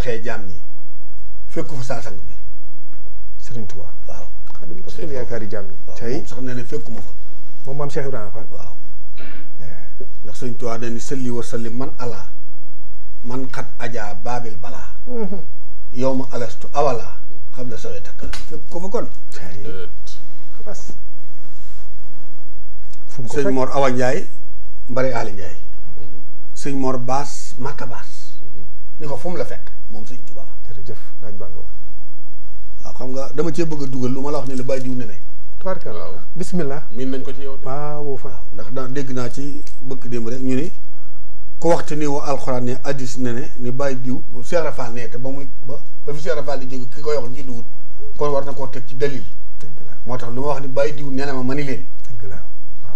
waxee jaam ñi fekku fa saa sang bi Serigne Touba waaw xadim rasul yaakaari jaam ñi tey sax fa ndax Serigne Touba dañ ni sëlli wa sëlli man ala man xat ajaa baabil balaa mm-hmm. yow ma alastu awala xam ne sawee takk fekk ko fa kon sëñ Mor Awa Ndiaye Mbare Ali Ndiaye mm-hmm. sëñ mm-hmm. ni ko fu la fekk moom sëñ Tuubaa jërëjëf laaj waaw xam nga dama cee bëgg a dugal lu ma la wax ne la bàyyi diw ne ne tubaarkal bismillah miin nañ ko ci yow de waaw fa ndax daa dégg naa ci bëgg démb rek ñu ni ko waxte ni wa alxuraan ne addis ne ne ni bàyyi diw Cheikh Rafal ne te ba muy ba ba fi Cheikh Rafal di jóge ki koy wax judduwut kon war na koo teg ci dalil moo tax lu ma wax ni bàyyi diw nee na ma ni leen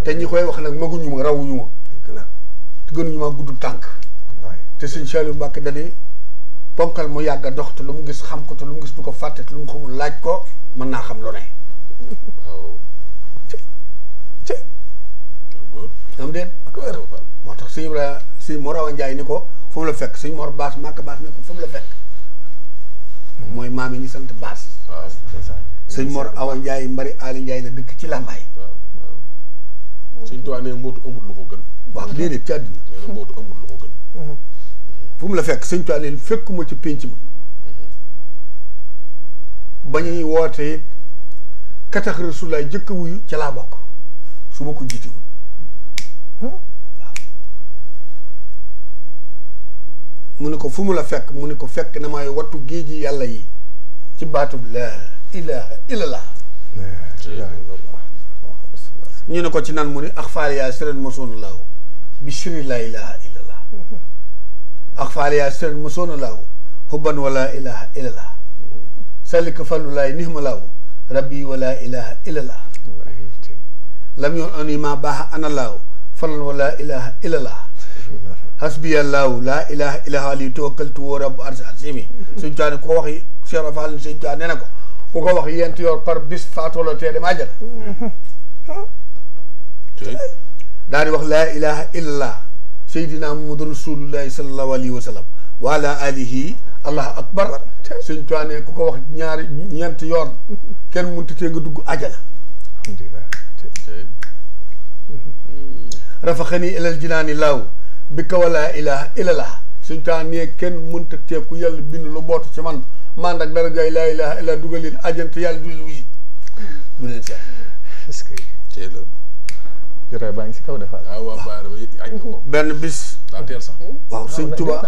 te ñi koy wax nag maguñu ma rawuñu ma te gënuñu ma gudd tànk te sëñ Saliou Mbacke dane ponkal mu yàgg a dox te lu mu gis xam ko te lu mu gis du ko fàtte te lu mu xamul laaj ko mën naa xam lu ne. waaw. cë moo tax suñu la si Mor Awa ni ko fu mu la fekk suñu Mor Baas màkk Baas ni ko fu mu la fekk. mooy maam yi ñu sant Baas. waaw suñ Mor Awa Ndiaye Mbari Ali Ndiaye la dëkk ci Lambaay. waaw waaw. suñu tubaab nee mbootu amul lu ko gën. waaw déedéet ci àdduna. nee na mbootu lu ko gën. Mm-hmm. fu mu la fekk sëñ Tuubaa fekkuma ci pénc ma ba ñuy woote it katax rasulaa jëkk wuyu ca laa bokk su ma ko jiitewul mu ne ko fu mu la fekk mu ne ko fekk na may wattu géej yi yàlla yi ci baatub laa ilaha illallah ñu ne ko ci nan mu ne ax faal yaa sëren mosoon laaw bi siri laa ilaha illallah ak faaliyaa sër musoona laawu hubban nihma laawu rabbi wala ilaha illallah lam yoon on ma baaxa ana laawu fadlan wala ilaha illallah hasbiya laawu laa ilaha illallah ali tawakkaltu woo rabbu arsi asimi suñ taani ko wax Cheikh Rafal suñ taan na ko ko wax yent yor par bis faatolo tee dem àjjana wax laa ilaha illallah seydina muhammadu rasulullahi sallallahu alayhi wa sallam wa ala alihi allah akbar sëñ Tuubaa ne ku ko wax ñaari ñeent yoon kenn mënut tee nga dugg ajana rafaxani ilal jinaani laaw bi ka walaa ilaha ilallah sëñ Tuubaa kenn mënut tee ku yàlla bind lu bootu ci man man ak dara laa ilaha illa dugal leen ajante yàlla du leen wuyu du leen seet baa ngi si kaw defal ah, benn bis hmm? waaw sëñ tubaa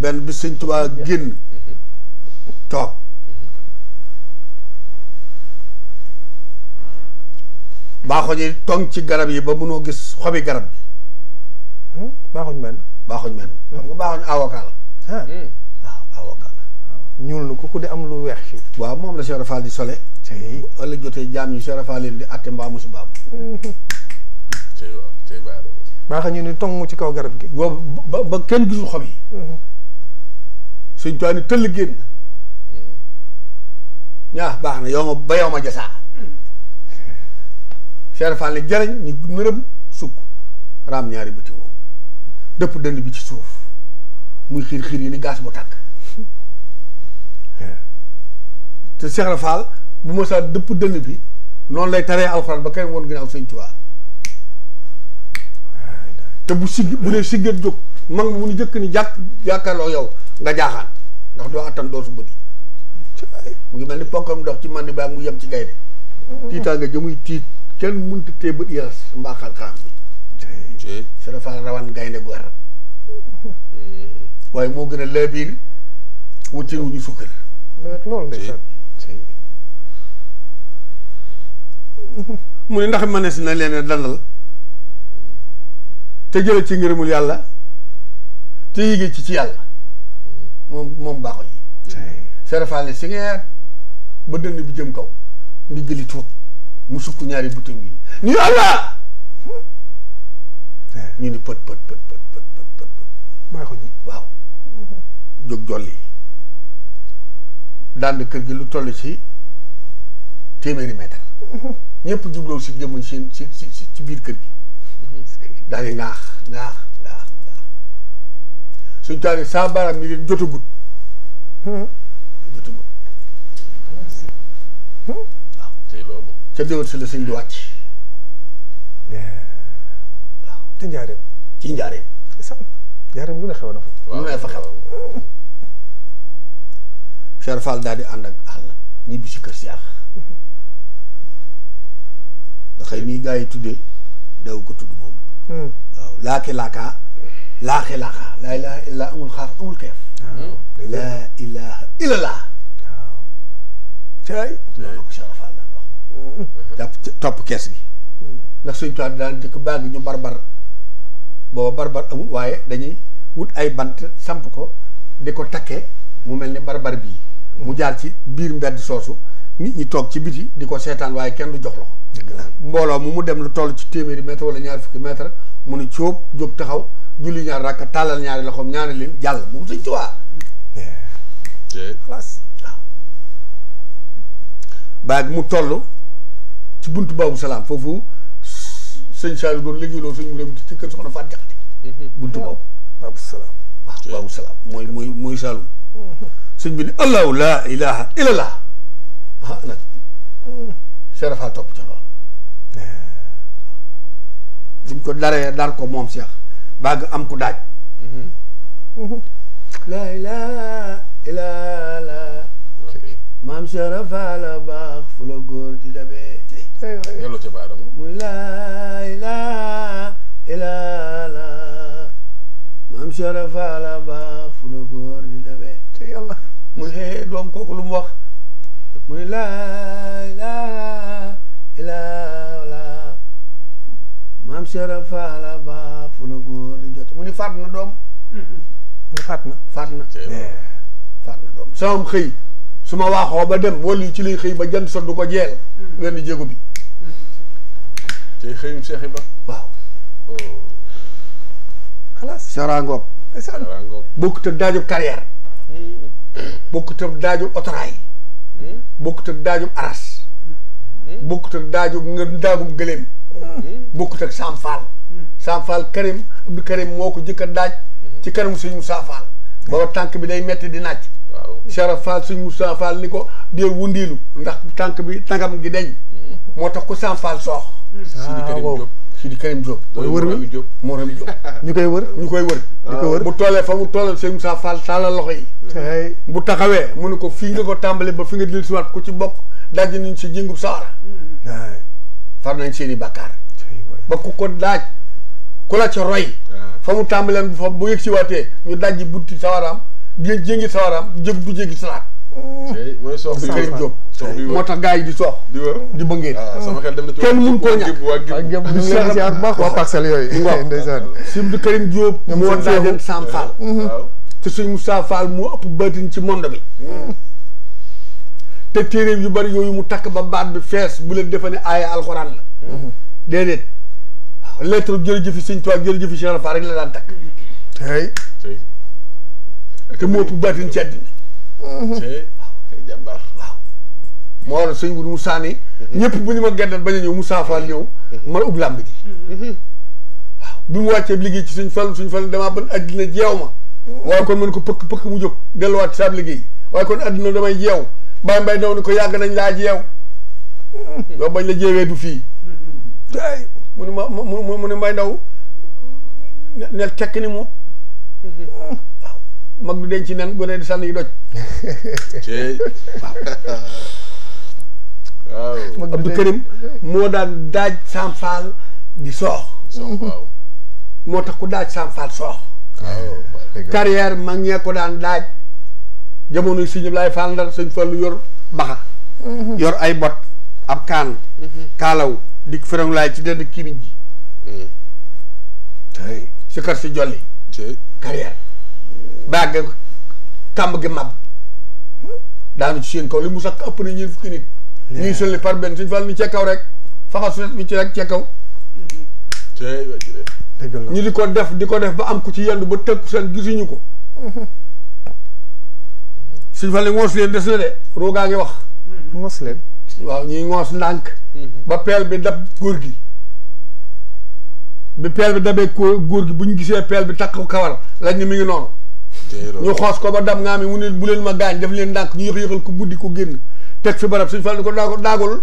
benn bis suñ tubaa hmm. génn hmm. toog baaxoñ tong ci garab yi ba mënoo gis xobi garab bi baaxoñ mel baaxoñ mel xam nga baaxoñ avocat la ah. waaw avocat ah. ñuul na ko ku di am lu weex fii waaw moom la Cheikh Rafal di sole ëllëg jotee jaam ñu Cheikh Rafal leen di atte mbaa musibaam baaxa ñu ni tong ci kaw garab gi. waaw ba ba kenn gisul xob yi. Mm-hmm. suñ toog tëll génn. Mm-hmm. ñaa baax na yow ma ba yow ma jasaa. Mm-hmm. Cheikh Fall jariñ ñu nërëm sukk raam ñaari bëti woo dëpp dënd bi ci suuf muy xiir xiir yi ni gaas bu tàkk. te Cheikh Fall bu ma saa dëpp dënd bi noonu lay taree alxuraan ba kenn woon ginnaaw sëñ Tuubaa te bu si bu dee siggat jóg mag mu nu jëkk ni jàkk jàkkaarloo yow nga jaaxaan ndax doo attan doo su bëri mu ngi mel ni ponkam ndox ci mandi baa mu yem ci gaynde tiitaa nga jëmuy tiit kenn mënta tee bët yaras mbaa xaram bi sa dafa rawan gaynde gu mm. waaye moo gën a laabiir wutin wu ñu sukkër loolu mu ne ndax mënees na leen a te jële ci ngërëmul yàlla te yéege ci ci yàlla moom moom baaxo yi si ngeer ba dënn bi jëm kaw ndi jëli tuut mu sukk ñaari butum yi ni yàlla ñu ni pët pët pët pët pët pët waaw jóg jolli daan kër gi lu toll ci téeméeri mètre ñëpp jubloo si jëmuñ si si si ci biir kër gi daal di naax naax naax naax suñ taalee saa baaraam yi leen jotagut hmm? jotagut hmm? waaw tey loolu si la suñ di wàcc waaw njaareem ci njaareem njaareem lu ne xew na fa lu ne fa xew Cheikh Fall daal di ànd ak àll ñibbi si kër Cheikh hmm. nga xëy nii gaa yi tuddee daw ko tudd moom Hmm. waaw laaki laakaa laaxi laaxaa laa ilaha illa amul xaaf amul keef hmm. laa ilaha illa laa hmm. topp kees gi ndax suñ tuwi daan jëkk baa ngi ñu barbar booba barbar amul waaye dañuy wut ay bant samp ko di ko takke mu mel ni barbar bii mu jaar ci biir mbedd soosu nit ñi toog ci biti di ko seetaan waaye kenn du jox loxo mbooloo mu mu dem lu toll ci téeméeri mètre wala ñaar fukki mètre mu ni cóob jóg taxaw julli ñaar rakk tàllal ñaari loxoom ñaari leen jàll moom sëñ Tuubaa xalaas mu toll ci bunt baabu salaam foofu sëñ Saalu mhm. boobu baabu salaam waaw baabu salaam mhm. bi ni allahu laa ilaha illallah ah nag serafaa mhm. topp ca loolu biñ ko daree dar ko moom Cheikh bàgg am ku daaj mm-hmm. laa ilaa ilaa laa maam Sharafaa la baax fu la góor di dabee delloo ca baaraam muy laa ilaa ilaa laa maam Sharafaa la baax fu la góor di dabee te yàlla muy xëy doom kooku lu mu wax muy laa maam Cheikh na doom. mu mm-hmm. faat na xëy su ma waaxoo ba dem wala ci lay xëy ba jant sot du ko jeel. Mm-hmm. wenn jéego bi. Mm-hmm. tey xëyum Cheikh Ibra. waaw. Oh. xalaas. Saraangoog. Saraangoog bokkut ak daajub carrière. bokkut daajub otoraay. bokkut daajub aras. bokkut daajub nga daagum gëléem. bokkut ak Sam Fall. Sam Fall Karim Abdou Karim moo ko jëkk daaj. ci kanam suñu Moussa Fall. booba tànk bi day metti di naaj. waaw Serap Fall suñu Moussa Fall ni ko dee wundiilu ndax tànk bi tànkam gi deñ hmm. moo tax ku Sam Fall soox. Sidi Karim ah, Diop Sidi Karim wër mi ñu koy wër ñu koy wër. ñu koy ah. bu toolee fa mu toolal suñu Moussa Fall tàllal loxo yi. bu taxawee mu ne ko fii nga ko tàmbalee ba fi nga dellusiwaat ku ci bokk daj nañ si jëngu saara. Hmm. far nañ seen i bàkkaar ba ku ko daaj ku la ca roy ah. fa mu tàmbaleen fa bu yëg si waatee ñu dajji butti sawaraam jé jéngi sawaraam jëg du jégi salaat mooy soox bi Karim Diop moo tax gars yi di sox di wër di bëngee ah, sama xel dem na kenn mun koo ñàkk waa parcelle yooyu ndeysaan Sibdu Karim Diop moo daajan Sam Fall eh, suñ Moussa Fall moo ëpp bëtin ci monde bi hmm. te téeréem yu bari yooyu mu takk ba baat bi fees bu leen defani ne aaya alxuraan la mhm. déedéet waaw lettre jërëjëfi sëñ Tuubaa jërëjëfi Cheikh Alfa rek la daan takk tey te moo ëpp baatin ci àddina mhm. waaw waaw moo bu mu saani mhm. ñëpp bu ñu ma gàddal bañ ñëw Moussa Fall ñëw man ub làmb ji bi mu wàccee liggéey ci suñ fal suñ fal damaa ban àddina jeew ma waaye kon mën ko pëkk pëkk mu jóg delluwaat saab liggéey waaye kon àddina damay jeew Baye Mbaye ndaw ni ko yàgg nañ laa jeew yow bañ la jeewee du fii tey mu ne ma mu mu ne ndaw nel tekk ni mu mag du denc nen gone di sànni doj moo daan daaj Sam Fall di soox moo tax ku daaj Sam Fall soox carrière mag ñee ko daan daaj jamono yi sëñ Ablaay Fall Ndar sëñ lu yor baxa mhm. yor ay bot ab kaan mhm. kaalaw di ferong laay ci dënd kimiñ ji mhm. si kar si jolli carrière bagge kàmb gi mab hmm? daanu ci seen kaw li mu sax ëpp na ñuy sëlli par benn sëñ Fall ni cee kaw rek faxa sunet bi ci rek cee kaw ñu di ko def di ko def ba am ku ci yendu ba tëkku seen gisuñu ko suñ fa ne ngoos leen des na de roogaa ngi wax ngoos mm-hmm. leen waaw ñuy ngoos ndànk mm-hmm. ba peel bi dab góor gi bi peel bi dabee ko góor gi bu ñu gisee peel bi takk ko kawar lañ ni ngi noonu ñu xoos ko ba dab ngaa mi mu ne bu leen ma gaañ def leen ndànk ñu yëx yëxal ko buddi ko génn teg fi barab suñ fa ne ko daagu daagul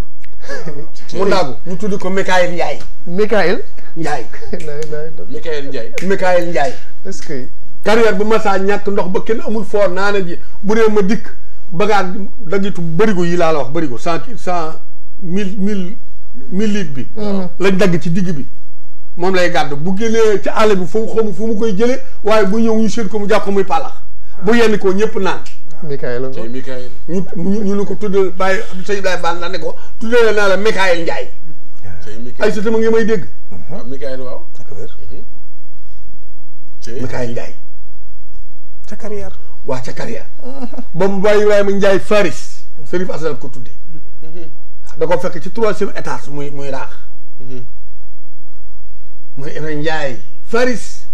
mu daagu ñu tuddi ko Mikael Njaay Mikael Njaay Mikael Njaay Mikael Njaay carrière bu masaa ñàkk ndox ba kenn amul foor naana ji bu dee ma dikk bagaan dagitu bërigo yi laa la wax bërigo cent cent mille mille mille litres bi mm-hmm. lañ dagg ci digg bi moom lay gàdd bu génnee ci àll bi fu mu xamu fu mu koy jële waaye bu ñëw ñu seet ko mu jàpp muy palax bu ah. yenn ko ñëpp naan ah. Mikaël la Mikaël ñu ñu ne ko tuddal bàyyi Abdou Ibrahima ko tuddal naa la Mikaël Ndiaye ay sa tama ngi may dégg ah, Mikaël waaw mhm. Mikaël Ndiaye ca carrière waa ca carrière ba mu bàyyi Ibrahima Ndiaye Faris mm-hmm. Serif Asal ko tudde mm-hmm. da ko fekk ci troisième étage muy muy raax mm-hmm. muy Ibrahima Ndiaye Faris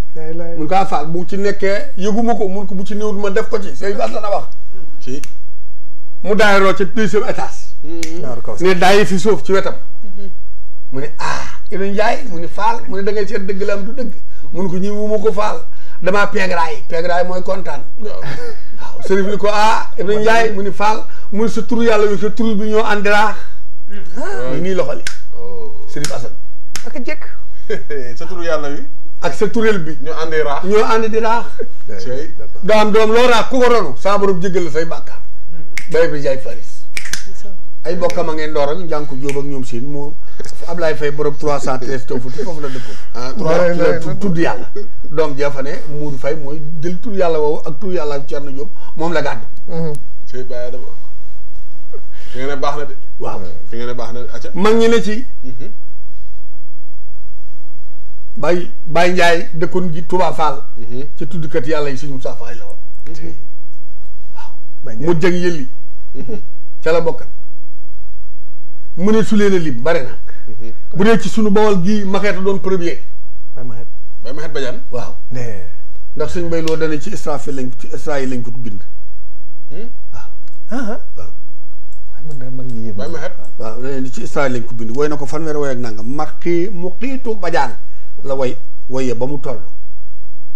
mun kaa faal bu ci nekkee yëguma ko mun ko bu ci néewut ma def ko ci Serif Asal a wax ci mu ci ca deuxième étage ne daayi fi suuf ci wetam mu ne ah Ibrahima Ndiaye mu ne faal mu ne da ngay seet dëgg la am du dëgg mun ko ñi ko faal damaa peegraay peegraay mooy kontaan. ko ah. mu ni sa tur yàlla wi sa tur bi ñoo àndiraax. Oh. a jëkk. yàlla wi. ak sa turel bi. ñoo àndi raax ñoo àndi di raax. daam doom loo raax ku ko ronu. saa borom jéggal la say bàkkaar. bay bi jaay faris. ay bokkam a ngeen door ak njànku ñoom seen moom. Ablaye Faye borom 313 toofu foofu la dëkkoon. ah 313 ah, tudd yàlla. doom jafa ne Mourou Faye mooy jël tudd yàlla woowu ak tudd yàlla ak Thierno Diop moom la gàddu. sëñ Ba baax na de. waaw mm-hmm. fi na mag ñi ne ci. Mm-hmm. Baye Baye Ndiaye dëkkoon ji Touba Fall. tudd mm-hmm. tuddkat yàlla yi suñu Moussa Fall la woon. waaw mu jëg yëlli. ca la bokkan mu ne su leen a lim bare na. Mm-hmm. bu dee ci suñu bawol gi Maxeet doon premier. Baye Maxeet Baye Maxeet Badiane. waaw ndax suñ bay loo dana ci Israfil lañ lañ ko bind. waaw. Hmm? Ah. Ah, ah waaw. man daal ci Israil lañ bind woy na ko fanweeri woy ak nangam mu muqiitu bajaan la woy woyee ba mu toll.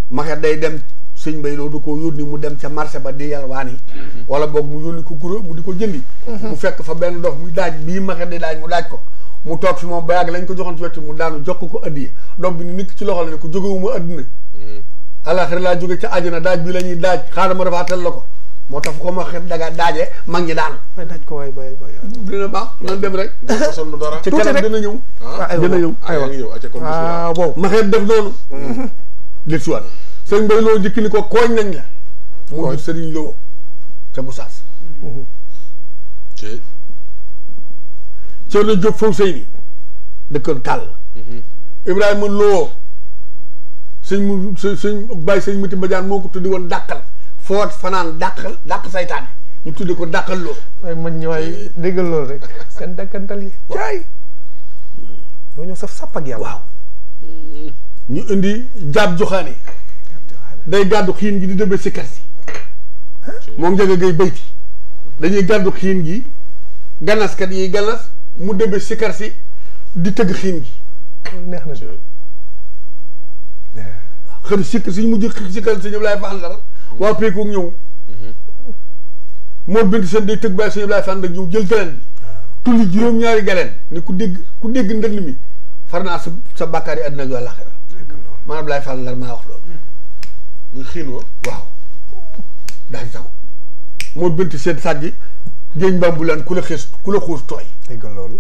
Maxeet day dem. sëñ bay loolu du ko yónni mu dem ca marché ba di yalwaani hmm. wala boog mu yónni ko guro mu di ko jëndi. Hmm. mu fekk fa benn dox muy daaj bii maxet di daaj mu daaj ko mu toog fi moom ba lañ ko joxoon ci wetu mu daanu jox ko addiya doom bi ni nit ci loxo la ne ko jógewuma adduna hmm. alaxira laa jóge ca àjjana daaj bi la ñuy daaj xaaral ma defaatal la ko moo tax ko ma xet daga daajee mag ñi daanu may daaj ko waay bay bay dina baax nan dem rek son lu dara ci kanam dina ñëw ah, ah, dina ñëw aywa waaw boobu ah, ma xet def noonu hmm. lit suwan sëñ bay loo jikki ni ko kooñ nañ la mu jur sëriñ loo ca bu Thierno Diop Fawceyni dëkkoon Kàll. Mm-hmm. Ibrahima Lo sëñ mu sëñ Baye sëñ Mati Badiane moo ko tuddi woon dàqal foot fanaan dàqal dàq saytaane ñu tuddi ko dàqal loo. waaye man ñu waay déggal rek seen dàkkantal yi. jaay doo saf sàpp ak yàlla. waaw ñu indi jaab joxaane day gàddu xiin gi di dëbbe si kar si moom njëga ngay bayti dañuy gàddu xiin gi ganaskat yi ganas mu debe sikar si di tëgg xiin gi. neex na de. Ah. xëy sikar si mujj sikar si ñoom laay faxal dara. Mm-hmm. waa Pékoog e ñëw. Mm-hmm. moo bind seen day tëgg bàyyi suñu laay faxal ñëw jël galeen bi. Ah. tulli juróom-ñaari galeen ni ku dégg ku dégg ndënd mi far naa sa sa bàkkaar yi àddina ak àllaaxira maanaam laay faxal dara maa wax loolu. ñu mm-hmm. xiin wa waaw. daal di taw moo bind seen sàjj géej mbambulaan ku la xees ku la xuus tooy. déggal loolu.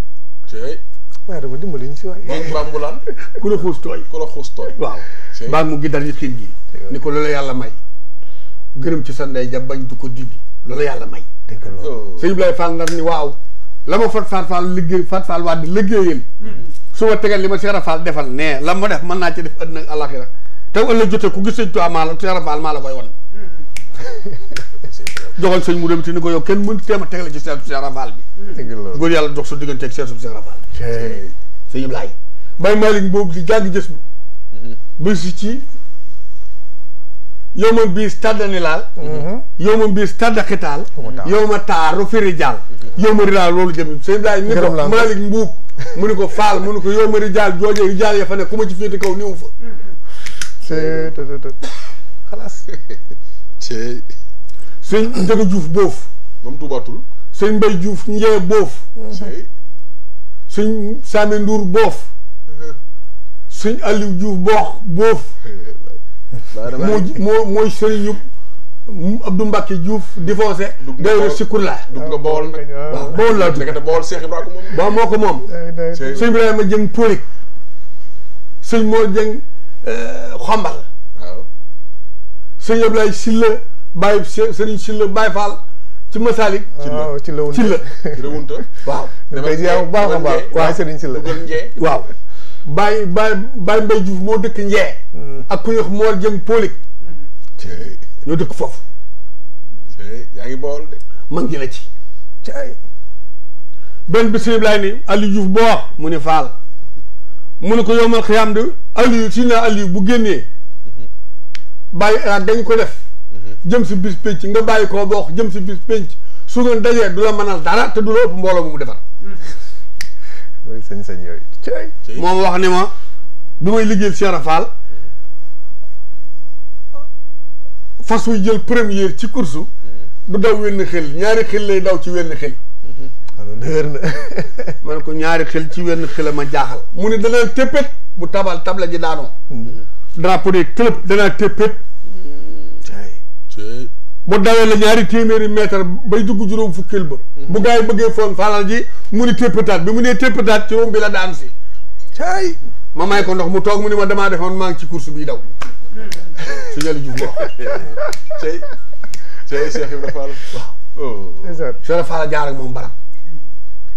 waaye dama dimbali ñu si waay. moom Mbambulaan. ku la xuus tooy. ku mu xuus tooy. waaw mbaa mu ni ko loolu yàlla may. gërëm ci sa ndey ja bañ du ko dindi. loolu yàlla may. dégg loolu oh. sëñ Ibrahima Fall ndar ni waaw. la ma fat Fall Fall liggéey Fall Fall waa di liggéeyal. Mm-hmm. su ma tegal li ma Cheikh Fall defal nee la ma def mën naa ci def àddina ak àllaaxira te ëllëg jotee ku gis sëñ Tuubaa maa la Cheikh Fall maa la koy wan. Mm-hmm. joxal sëñ mu dem ci ni ko yow kenn mënut a téema tegale ci seetu Cheikh Rafal bi. dëgg la góor yàlla dox sa digganteeg seetu Cheikh Rafal. sëñ Ablaye. Baye Malick boobu di jàng jës bu. Mhm. ba si ci yow ma biis tàdda ni laal. Mhm. yow ma biis tàdda xitaal. yow ma taaru firi jaal. Mhm. yow ma rilaal loolu jëm sëñ Ablaye. ni ko Malick Mbuub mu ni ko Faal mu ni ko yow ma rijaal jooje rijaal ya fa ne ku ma ci féete kaw néew fa. sëñ Ndiaga Diouf boof. moom tuubaatul. sëñ Mbaye Diouf Ndiaye boof. sëñ Saame Ndour boof. sëñ Aliou Diouf boox boof. moo mooy sëriñu Abdou Mbacke Diouf divorcé. dugg Sikula. dugg nga bool nag waaw bool moom. waaw moo ko moom. Jëng Tóorik. sëñ moo Jëng eh, Xombal. waaw sëñ Silla. bàyyi sëriñ Sylla Baye Fall ci Masalik. waaw ci la ci la rewunta waaw. damay ziar bu baax a baax waaye sëriñ Sylla waaw. Baye Baye Baye Mbaye moo dëkk Njee. Mm. ak ku ñuy wax Mor Jëng Polik. ñoo dëkk foofu. yaa ngi bool de. mag ji la benn bi sëñ Ibrahima ni Aliou Diouf boo mu ne Fall mu ne ko yomal xiyaam de Aliou si na Aliou bu génnee mm-hmm. bàyyi dañ ko def. jëm si bis pénc nga bàyyi koo boox jëm si bis pénc su ngeen dajee du la mënal dara te du la ëpp mbooloo mu defar. loolu sañ-sañ yooyu. moom wax ni ma bi may liggéey Cheikh Rafal fas muy jël première ci course du daw wenn xel ñaari xel lay daw ci wenn xel. alors ah, ne ko ñaari xel ci wenn xel ma jaaxal. mu ne danaa téppét bu tabal tabla ji daanoo. Hmm. drapeau de club danaa téppét. bu dawee la ñaari téeméeri mètre bay dugg juróom fukkeel ba mm-hmm. bu gars yi bëggee foon faalal ji mu ni téppataat bi mu nee téppataat ci wom bi la daan si caay ma may ko ndox mu toog mu ni ma damaa defoon maa ngi ci course bii daw su jëli jub wax jaar ak moom baram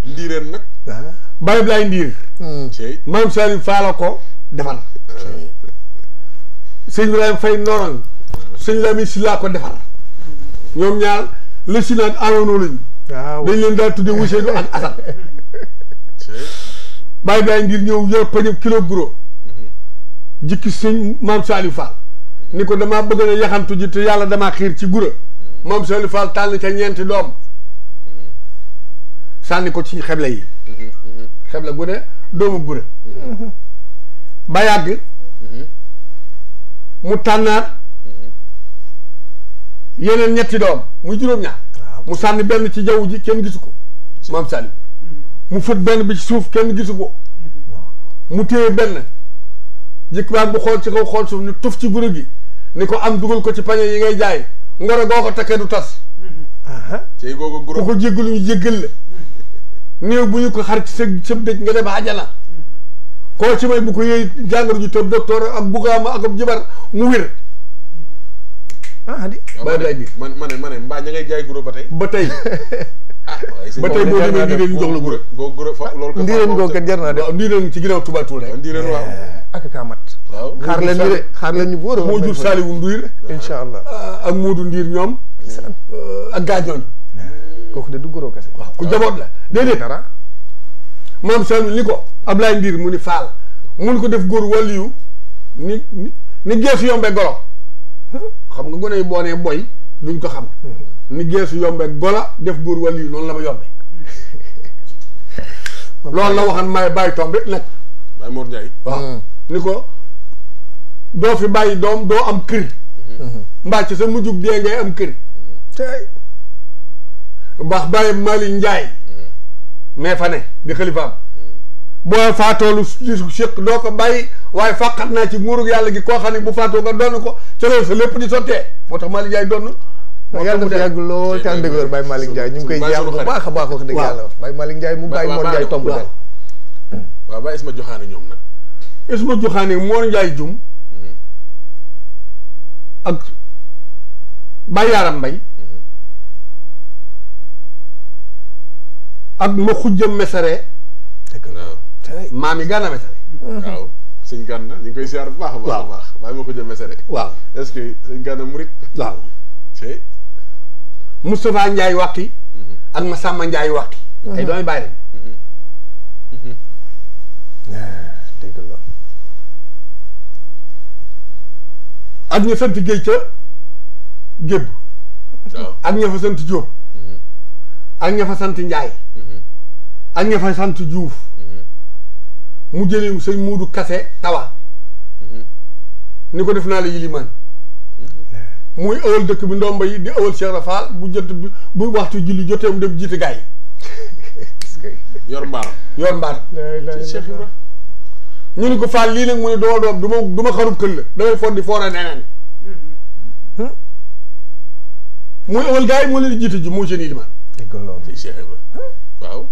ndiireen nag ah. Baye Blay Ndiir hmm. maam Saliou Fall ko defal sëñ Ibrahima Fay Norang sëñ Lamine si laa ko defar ñoom ñaar le si lañu ah, dañ leen daal tudde Ousseynou ak Assane bàyyi bàyyi ngir ñëw yor pañu kilo guro mm-hmm. jikki sëñ maam Saliou Fall ni ko damaa bëgg na yaxantu ji te yàlla damaa xiir ci gura mm-hmm. maam Saliou Fall tànn ca ñeenti doom mm-hmm. sànni ko ci xeble yi xeble gu ne doomu gura ba yàgg mu tànnaat yeneen ñetti doom muy juróom-ñaar mu sànni benn ci jaww ji kenn gisu ko maam Saliou mm-hmm. mu fët benn bi ci suuf kenn gisu ko mm-hmm. mu téye benn jikkuwaat bu xool ci kaw xool suuf ni tuf ci guro gi ni ko am dugal ko ci pañe yi ngay jaay ngoro goo ko takkee du tas mm-hmm. cey googu guro ku ko jéggalu ñu jéggal la néew bu ñu ko ci sa sëb dëj nga dem àjjana koo ci may bu ko yëy jàngoro ju tëb docteur ak bugaama jibar mu wér ah adi bàyyi laaj bi man ma ne ma ne guro ba tey ba tey ah, ba tey boo demee ndiireen ñu jox la guro goo guro fa loolu ko jar naa de ndiireen ci ginnaaw Touba ak kaa mat xaar leen de xaar leen ñu wóor moo jur Saliou Ndour incha allah ah, ak Modou Ndir ñoom euh, ak gaajooñ eh, kooku de du guro kese waaw ku jaboot la ah, déedéet dara maam Saliou ni ko Ablaye Ndir mu ni faal mun ko def góor wàllu yu ni ni geesu yombe golo xam nga gone yi boo nee boy duñ ko xam. Mm-hmm. ni geesu yombe gola def buur wàll yi noonu la ma yombe. loolu la waxan may bàyyi tombe nag. Baye Mor Ndiaye. waaw mm. ni ko doo fi bàyyi doom doo am kër. Mm-hmm. mbaa ci sa am kër. Mm-hmm. tey baax bàyyi Mali Ndiaye. mais fa ne di xalifaam. boo faatoo lu séq doo ko bàyyi waaye fàqat naa ci nguurug yàlla gi koo xam ne bu faatoo nga doon ko ca loolu sa lépp di sottee moo tax Malick Ndiaye doon na yàlla dafa yàgg lool te ànd ak wér Baye Malick Ndiaye ñu ngi koy jaamu bu baax a baax wax dëgg yàlla Baye Malick Ndiaye mu Baye Mor Ndiaye tomb daal waaw Baye Isma Joxaane ñoom nag Isma Joxaane Mor Ndiaye jum mm-hmm. ak Baye Yaram Mbay mm-hmm. ak ma xujjam mesare maam yi gànna mesere suñ gànna ñu ngi koy siyaar bu baax a baax baax ma ko jëm mesere waaw est-ce que suñ gànna murit waaw ci Moustapha Ndiaye waxti mm-hmm. ak Massamba Ndiaye waxti mm-hmm. ay doomi bàyyi lañ mm-hmm. Ah, dégg la ak ña sant géej gébb ak ña sant Juuf mu jëliw sëñ muudu kase tawa ni ko def naa la yilimaan muy ëwal dëkk bi ndomba yi di ëwal Cheikh Rafal bu jot bi bu waxtu julli jotee mu dem jiite gaay yi yor mbaar yor mbaar Cheikh Ibra ñu ni ko faal lii nag mu ne duma doom duma duma xarub këll damay foddi foora neneen muy ëwal gaay yi moo leen jiite ji moo seen yilimaan Cheikh Ibra waaw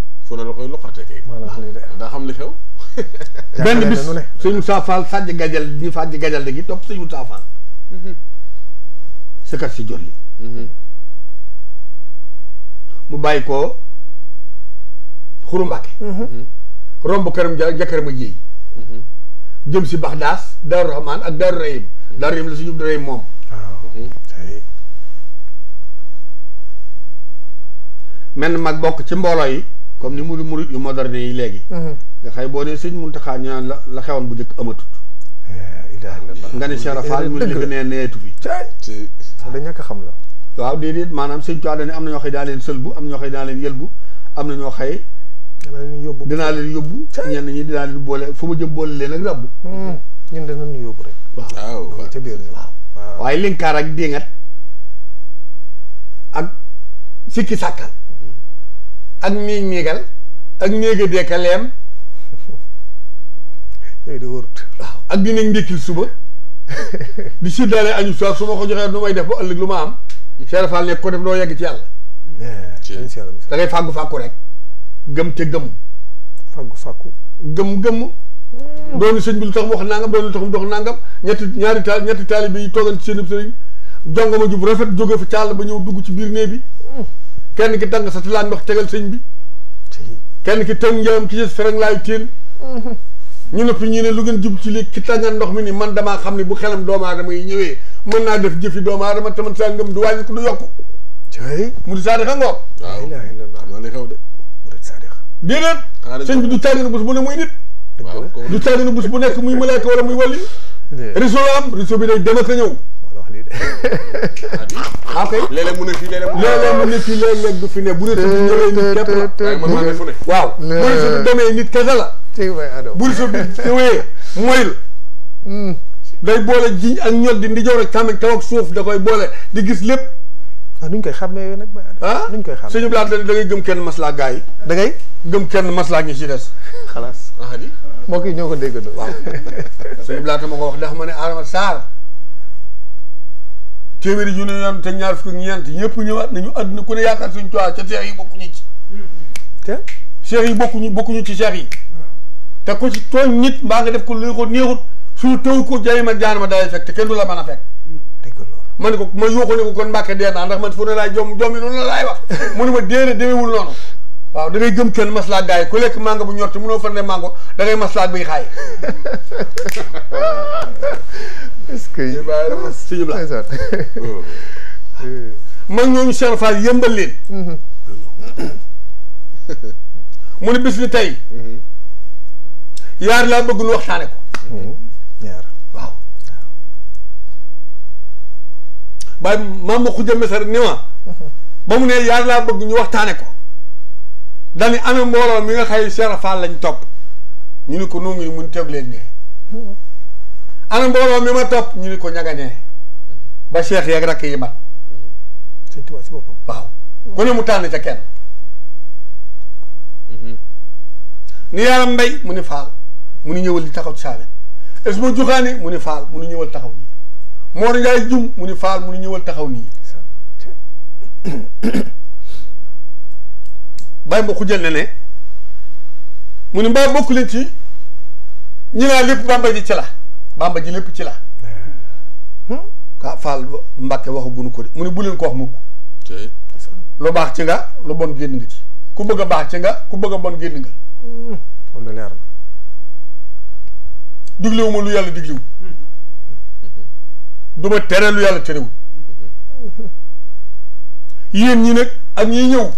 daa xam li xew benn bi sëñ Moussa Fall sàjj gajal ñi sàjj gajal da gi topp sëñ Moussa Fall mm-hmm. si jolli mm-hmm. mu bàyyi ko xuru mm-hmm. romb këram ja jëkkër ma jéey jëm si Baxdaas Daaru Rahmaan ak Daaru Rahim Daaru Rahim la suñu Daaru Rahim moom menn mag bokk ci mbooloo yi comme ni mu murit yu moderne yi léegi mhm. nga xëy boo ne sëñ Muntaxa ñu naan la bu njëkk amatut nga ne Cheikh Fall mu li ne neetu fi da ñàkk xam la waaw déedéet maanaam sëñ Tuubaa dane am na ñoo xëy daa leen sëlbu am na ñoo xëy daa leen yëlbu am na ñoo xëy dinaa leen yóbbu ñenn ñi dinaa leen boole fu ma jëm boole leen ak ràbb hmm, ñun danañu yóbbu rek waaw waaw waaye linkaar ak dingat ak sikki sàkkal ak néeg néegal ak néega dekka leem yooyu de wóorut ak di nekk ndékkil suba di séddaale añu soir su ma ko joxee nu may def ba ëllëg lu ma am mm. Cheikh Fall nekk ko def doo yegg ci yàlla eh, da ngay fàggu fàkku rek gëm te gëm fàggu fàkku gëm gëm mm. doonu sëñ bi lu tax mu wax nangam doonu lu tax mu dox nangam ñetti ñaari taal ñetti taali bi toogal ci seen sëriñ jongama jub rafet jóge fa càll ba ñëw dugg ci biir néeg bi mm. kenn ki tàng sa ci laan ndox tegal sëñ bi kenn ki tëng njawam ki gis fereng laay teen mm-hmm. ñu noppi ñu ne lu ngeen jub ci lii ki tànga ndox mi ni man damaa xam ne bu xelam doomu adama yi ñëwee mën naa def jëfi doomu aadama te man saa ngëm du wàññi ko du yokku mu di saadix a ngoog waaw xam naa li xew de déedéet sëñ bi du tànginu bés bu ne muy nit du tànginu bés bu nekk muy malaaka wala muy wàlli réseau la am réseau bi day dem ak a ñëw ah kay léeg-léeg mu ne fii léeg-léeg mu ne fii léeg-léeg du fi ne bu dee suñu ñëwee nit képp la waaw bu dee suñu demee nit kese la bu dee suñu ñëwee moyul hmm. day boole jiñ ak ñot di ndi jow rek tamit kaw ak suuf da koy boole di gis lépp ah nuñ koy xàmmee nag ah nuñ koy xàmmee suñu blaat da ngay gëm kenn maslaa gaa yi da ngay gëm kenn maslaa ñi ci des xalaas ah, mbokk yi ñoo ko déggandoo waaw suñu blaat ma ko wax dafa ma ne Adama Sarr téeméeri junni yoon te ñaar fukk ñeent ñëpp ñëwaat nañu àdduna ku ne yaakaar suñ tuwaa ca seex yi ci seex yi bokkuñu bokkuñu ci seex yi te ko ci tooñ nit mbaa nga def ko lu ko neexut suñu taw ko jaay ma jaan ma day fekk te kenn du la mën a fekk ma ne ko ma yuuxu ne ko kon mbàkke dee naa ndax man fu ne laay jom jom yi noonu la laay wax mu déere demeewul noonu waaw da ngay kenn maslaa gars yi ku lekk màngo bu ñor te mënoo fan ne mango da ngay maslaa biy xaay est-ce que yi suñu la mag ñooñu Cheikh mm-hmm. mu ne bis ni tey mm-hmm. yaar laa bëgg nu waxtaane ko ñaar mm-hmm. waaw waaye maam mesar ni ma ba mu ne yaar laa bëgg ñu waxtaane ko dañu amee mbooloo mi nga xay Cheikh Fall lañ topp ñu ni ko noo ngi mun teg leen ana mbooloo mi ma topp ñu ni ko ñagañee mm-hmm. ba cheikh yeeg rakk yi mat mm-hmm. si boppam waaw ku mu tànn ca kenn mm-hmm. ni yaaram mbay mu ni faal mu ni ñëwal li taxaw ci saawet es ma juxaane mu ni faal mu ni ñëwal taxaw nii moor ngaay jum mu ni faal mu ni ñëwal taxaw nii bàyyi mba xujal ne ne mu ni mbaa bokk leen ci ñi naa lépp bàmbay di ci la bàmba ji lépp ci la ah Fall Mbacke waxaguñu ko de mu ne bu leen ko wax mukk lu baax ci nga lu bon génn nga ci ku bëgg a baax ci nga ku bëgg a bon génn nga. Hmm. loolu leer lu yàlla diglewu mhm. du ma tere lu yàlla terewul mhm. yéen ñi nag ak ñiy ñëw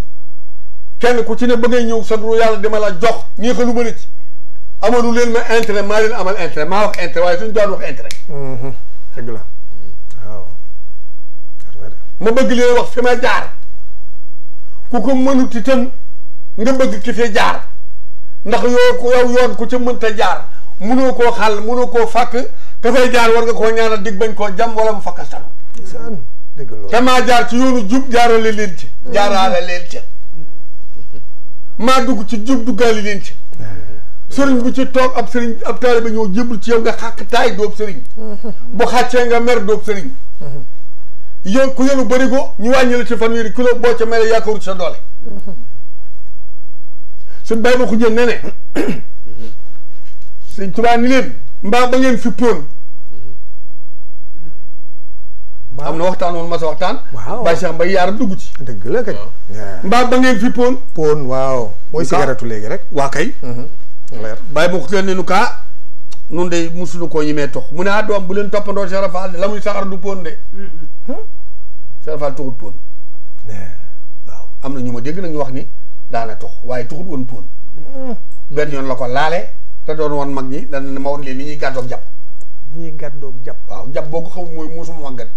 kenn ku ci ne ba ngay ñëw sa du yàlla dama la jox ñeexalu ma ne ci. amalu leen ma intérêt maa leen amal intérêt maa wax intérêt waaye suñu doon wax intérêt. Mhm. ma bëgg leen wax fi ma jaar ku ko mënut itam nga bëgg ki fi jaar ndax yoo ku yow yoon ku ca mënta jaar mënoo koo xàll mënoo ko fàkk ka fay jaar war nga ko ñaanal dig bañ koo jam wala mu fakka salu. dëgg la jaar ci yoonu jub jaarale leen ci. Mhm. jaarale leen ci. maa dugg ci jub duggaale leen ci. sëriñ bu ci toog ab sëriñ ab taaliba ñëw jébul ci yow nga xàq taay doob sëriñ bu xàccee nga mer doob sëriñ yow ku yenu bëri ko ñu wàññi la ci fanweeri kilo boo ca mere yaakaaru sa doole suñ bàyyi ba ko jën ne ne sëñ Tuubaa ni leen mbaa ba ngeen fippoon am na waxtaan woon ma sa waxtaan Baye Cheikh Mbaye yaara dugg ci dëgg la kay mbaa ba ngeen fippoon poon waaw mooy sigaratu léegi rek waa kay mm-hmm. bàyyi bu leen ne nu kaa noonu de musuñu koo ñimee tox mu ne ah doom bu leen toppandoo Cheikh Rafal de la muy saxar du pon de Cheikh tuxut pon waaw am na ñu ma dégg nag ñu wax ni daana tox waaye tuxut woon pon mm. benn yoon la ko laale te doon woon mag ñi dana ne ma woon leen li ñuy gàddoog jàpp li ñuy gàddoog jàpp waaw jàpp boo ko xaw mooy muusum wàggat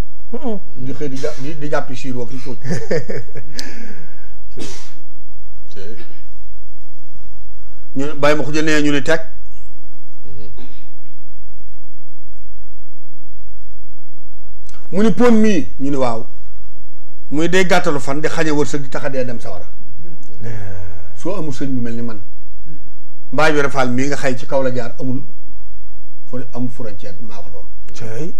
di xëy di jàpp di jàppi siiroo ki ñu bàyyi ma xuja nee ñu ni teg mu ni pon mii ñu ni waaw muy day gàttalu fan di xañe wërsëg di taxa dee dem sawara soo amul sëñ bu mel ni man mbaay bi refaal mii nga xay ci kaw la jaar amul fu amul frontière maa wax loolu tey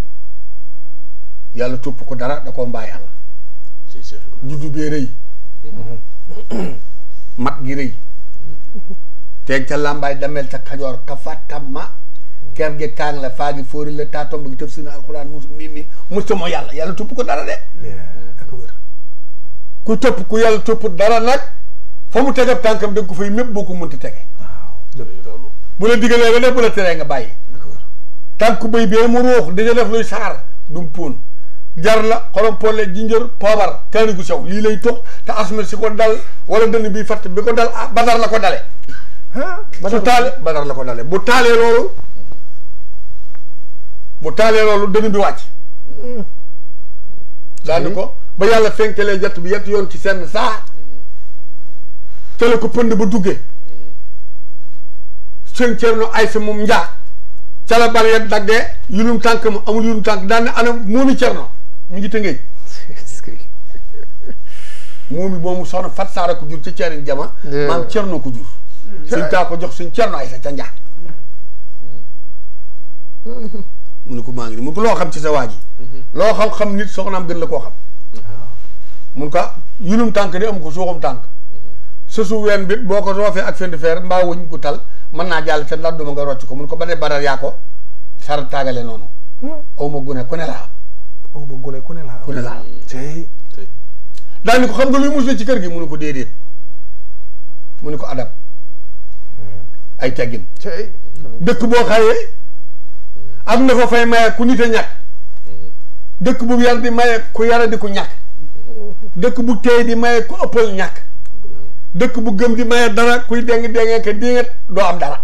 yàlla topp ko dara da koo mbaa yàlla juddu bee rëy mm-hmm. mat gi rëy teeg ca làmbaay damel ca kajoor ka fàttam ma ker gi kaang la faa gi fóori la taatom bi tëf si na alxuraan mu mi mi mus ta moo yàlla yàlla tupp ko dara de ku tëpp ku yàlla tupp dara nag fa mu teg tànkam dëgg ko fay mépp boo ko munti tege waaw bu la diggalee nga def bu la teree nga bàyyi tànku béy bee mu ruux dina def luy saar dum puun jar la xorom polle jinjër poobar kaani gu sew lii lay tox te asma si ko dal wala dënn bi fatt bi ko dal ah, badar la ko dale su taale badar la ko dalee bu taalee loolu bu taalee loolu dënn bi wàcc daani ko ba yàlla fenkelee jant bi yett yoon ci seen saa te ko pënd ba duggee sëñ Ceerno Aysa moom njaa ca la bal yet daggee yunum tànk mu amul yunum tànk daan ne anam moomi Ceerno mi ngi tëngéej moomi moomu soxna fat saara ko ci ca ceerin maam Ceerno ko suñ hmm. taa ko jox suñ cerno ay sa ca njaa hmm. ko maa ngi ni mun ko loo xam ci sa waaj yi hmm. loo xam xam nit soxnaam gën la koo xam mun ko yunum tànk de am ko suuxum tànk sa su ween bit boo ko roofee ak fendi feer mbaa wuñ gu tal mën naa jàll te ndax duma nga rocc ko mun ko ba dee baral yaa ko sar taagale noonu aw ma gune ku ne laa gune ku ne laa am ku ne laa am daal ni ko xam nga luy musle ci kër gi mu ko déedéet mu ne ko adab ay teggin dëkk boo xayee am na fa fay maye ku nit a ñàkk dëkk bu yar di maye ku yara di ku ñàkk dëkk bu teey di maye ku ëppal ñàkk dëkk bu gëm di maye dara kuy deng dengee ka dingat doo am dara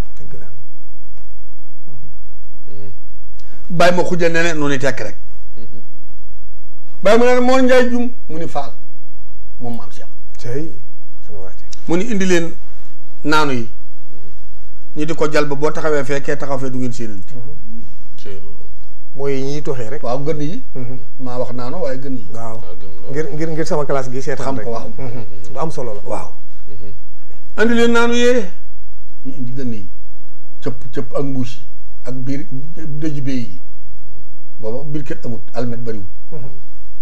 bàyyi ma xujja nene nu ni tekk rek bàyyi ma nene moo njaay jum mu ni faal mu ni indi leen naanu yi ñi di ko jal ba boo taxawee fee taxaw fee du ngeen séenante mooy ñiy tooxee rek waaw gën yi mhm. maa wax naano waaye gën yi waaw ngir ngir sama classe gi seet xam ko waaw bu mhm. am solo la waaw mhm. andi leen naanu yee ñu indi gën yi cëpp cëpp ak mbuus ak biir dëj bee yi booba biir kët amut almet bariwul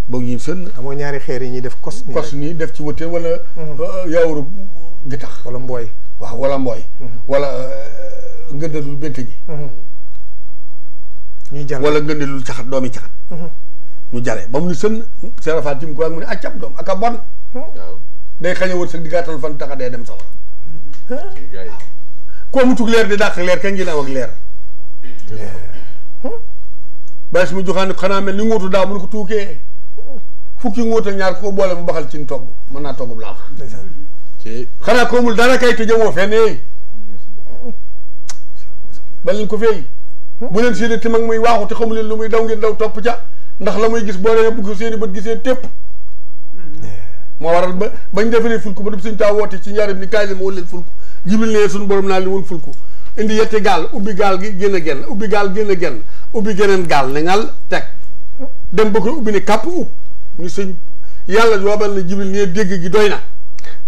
boog yi sën amoo ñaari xeer yi ñuy def kos kos nii def ci wëteen wala euh, yaawuru gitax wala mbooy waaw wala mbooy mm-hmm. wala euh, ngëndalul bént ji mm-hmm. ñuy jare wala caxat doomi caxat ñu mm-hmm. jare ba mu ni sën seerafaat ci mu ko ak mu ne doom ak a bon day xañ a wërsëg di gàttal fan taxa dee dem sawara koo mu tug leer di dàq leer kenn gi naaw ak leer hmm. Hmm? bàyyi su ma joxaan xanaa mel ni ngóotu daaw mu ko tuukee hmm. fukki ngóot ñaar ko boole mu baxal ci togg mën naa togg bu laax xanaa koomul mul dara kay te jëmoo fenn yooyu ba leen ko feey bu leen seeni timag muy waaxu te xamu leen lu muy daw ngeen daw topp ca ndax la muy gis boo dee bugg seeni bët gisee tépp moo waral ba bañ defaree fulku ba dub suñ taa woote ci njaarim ni kaay leen ma won leen fulku jibil ne suñu borom naa li woon fulku indi yetti gaal ubbi gaal gi a genn ubbi gaal génn genn ubbi geneen gaal ne ngal teg dem ba koy ubbi ne kàpp ub ñu sëñ yàlla waabal na jibil ne dégg gi doy na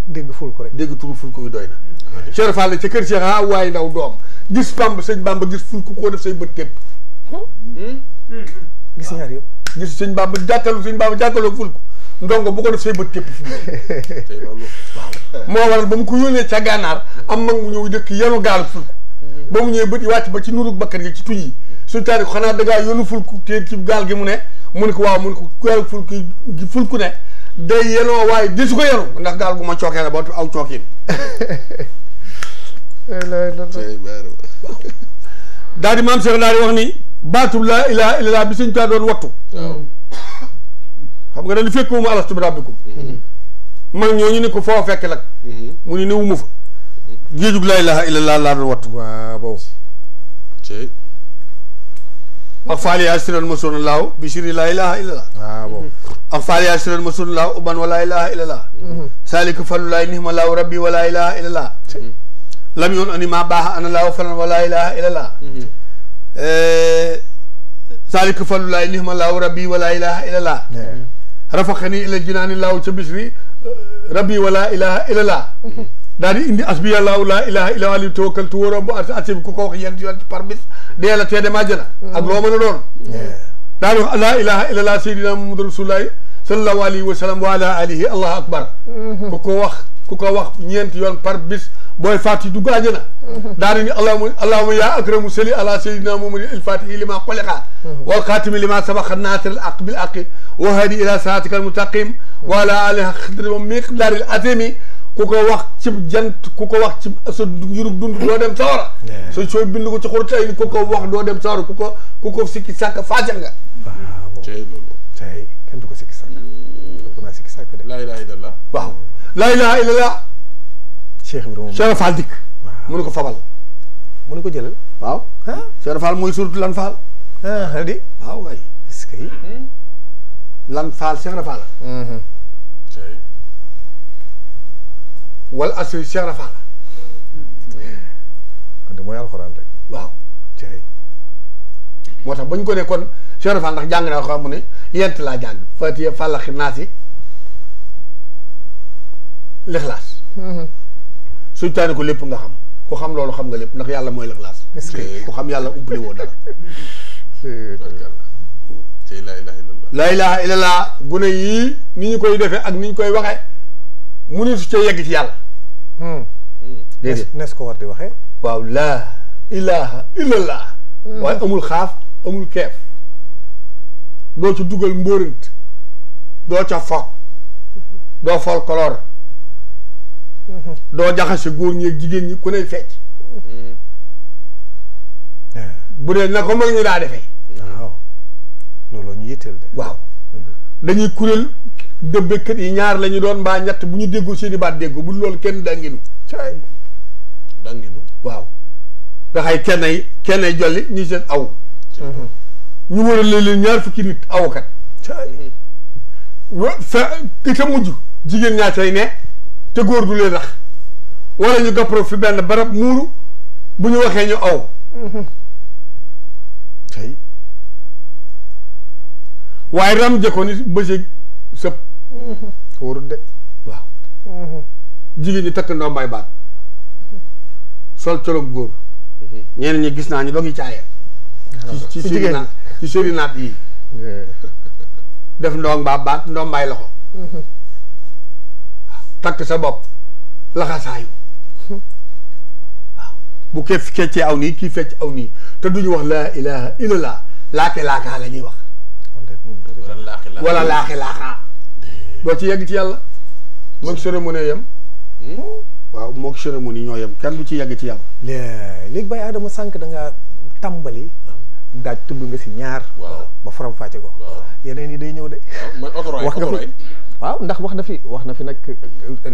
dégg ful ko rek dégg turu ful ko yu doy na mm. Cheikh Fall ca kër Cheikh a ah, waaye ndaw doom gis bamba sëñ ba gis ful ko koo def say bët tépp hmm? gis ñaar yëpp gis sëñ bamba jàkkalu sëñ bamba jàkkaloo ful ko ndongo bu ko def bët tépp fi moo waral ba mu ko yónnee ca gànnaar am mag mu ñëw dëkk yenu gaalu ful mm-hmm. ba mu ñëwee bët yi wàcc ba ci nuru bakkan yi ci tuñ yi su taari ko xanaa da ngaa yónnu ful ci gaal gi mu ne mu ne ko waaw mu ne ko gaal ful ko ful ku ne day yenoo waaye di su ko yenu ndax gaal gu ma cookee la ba aw cookin daal di maam Cheikh daal di wax ni baatu laa ilaaha illallaah bi suñ doon wattu xam nga dañu fekk mu alastu bi rabbikum mm-hmm. mag ñooñu ni ko foo fekk lag mm-hmm. mu ni niwuma fa géejug laa ilaaha ilaaha waaw boobu mm-hmm. am faali yaa suran masulullah uban wala ilaha illallah mm-hmm. saalika falulaay nihma laaw rabbi wala ilaha illallah mm-hmm. lam yoon ani ma baax ana laaw falan wala ilaha illallah mm-hmm. eh, saalika falulaay nihma laaw rabbi wala ilaha illallah rafaxani ila jinaani laaw ca bis bi eh, rabbi wala ilaha illallah daal di indi asbi yàllaahu laa ilaha illa ali tawakkaltu wóoram bu at ati bi ku ko wax yent yoon ci par bis dee la tee demaa jëna ak loo mën a doon daa di wax laa ilaha illallah sayyidina muhammadu rasulullahi sallallahu alayhi wa sallam wa ala alihi allah akbar mm-hmm. ku ko wax ku ko wax ñeenti yoon par bis booy fàtti du gaañ na mm-hmm. daa di ni allahuma allahuma yaa akramu sali ala sayyidina muhammadin alfatihi lima xuliqa mm-hmm. wal xaatimi lima sabaqa naasir al aq bil aqi wa hadi ila siraatika al mustaqim wa ala alihi xidri moom mi daaril atimi ku ko wax cib jant ku ko wax cib sa yurub dund doo dem sawara so sooy bind ko ci xurta yi ku ko wax doo dem sawara ku ko ku ko sikki sàkk faajal nga tey loolu. tey kenn du ko sikki sàkk. mën mm. naa sikki sàkk de. laa ilaaha illallah. laa ilaaha illallah. Cheikh Ibrahima dikk. waaw ko fabal. mënu ko jëlal. waaw. Cheikh Fall mooy surtout lan Fall. ah di. waaw waay. est-ce hmm? lan Fall Cheikh Fall. tey. wala assuy Cheikh Fall. ante mooy alxuraan rek. waaw tey. moo tax bañ ko ne Cheikh Ibra Fall ndax jàng na xam mu ne yent laa jàng Faatiha Falaq Naas yi Lixlaas. Mm-hmm. suñ taani ko lépp nga xam ku xam loolu xam nga lépp ndax yàlla mooy Lixlaas. ku xam yàlla umpale woo dara. laa ilaha illallah gune yii ni ñu koy defe ak ni ñu koy waxee mënut ci yegg ci yàlla. Mm. déedéet nes ko war di waxee. waaw laa ilaha illallah. Mm. waaye amul xaaf amul keef. doo ci dugal mbóorint doo ca fo doo folklore doo jaxase góor ñi ak jigéen ñi ku ne fecc bu dee na ko mag ñu daa defee waaw loolu ñu yitteel de kuréel dëbbkat yi ñaar la doon mbaa ñett bu ñu déggoo seeni baat déggoo bu loolu kenn danginu danginu waaw nga xay kenn ay kenn ay jolli ñu seen aw ñu war a léeg ñaar fukki nit awokat fa ki ca mujj jigéen ñaa cay ne te góor du leen rax wala ñu gappro fi benn barab muuru bu ñu waxee ñu aw tey mhm. waaye ram jëkkoon ni bëccëg sëpp mhm. de mhm. jigéen ñi takk ndombay baat sol colob góor ñeneen ñi gis naa ñu dog yi ci ci ci ci sëri naat def ndoom baa baat ndoom baay loxo mm-hmm. takk sa bopp laxasaayu waaw bu ke keccee aw nii kii fecc aw nii te duñu wax laa ilaha illallah laake laakaa la ñuy wax walla laaxi laaxaa doo ci yegg ci yàlla moog cérémonie yem hmm? waaw moog cérémonie ñoo yem kenn du ci yegg ci yàlla léegi bay Adama sànq da tàmbali daaj tudd nga si ñaar. ba faram fàcce ko. yeneen yi day ñëw de. wax nga fi waaw ndax wax na fi wax na fi nag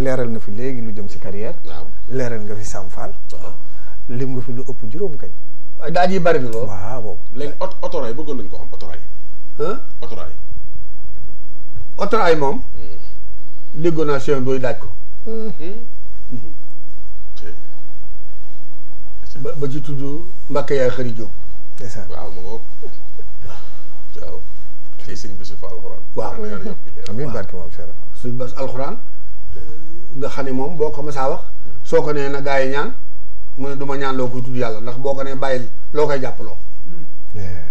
leeral na fi léegi lu jëm si carrière. leeral nga fi Sam Fall. lim nga fi lu ëpp juróom kañ. daaj yi bari na lool. waaw boobu léegi ot otoraay bëggoon nañu ko xam moom. Hmm. déggoon naa seen doy daaj ko. Hmm. Hmm. ba ba ci tudd Mbacke yaay xëri Diop. waaw ma ngoog waaw tey sëñ bi alxuraan suñ bas nga xam ne moom boo ko masaa wax hmm. soo ko nee na gaa yi ñaan mu ne du ma ñaan loo koy tudd yàlla ndax boo ko nee bàyyi loo koy jàppaloo hmm. eh.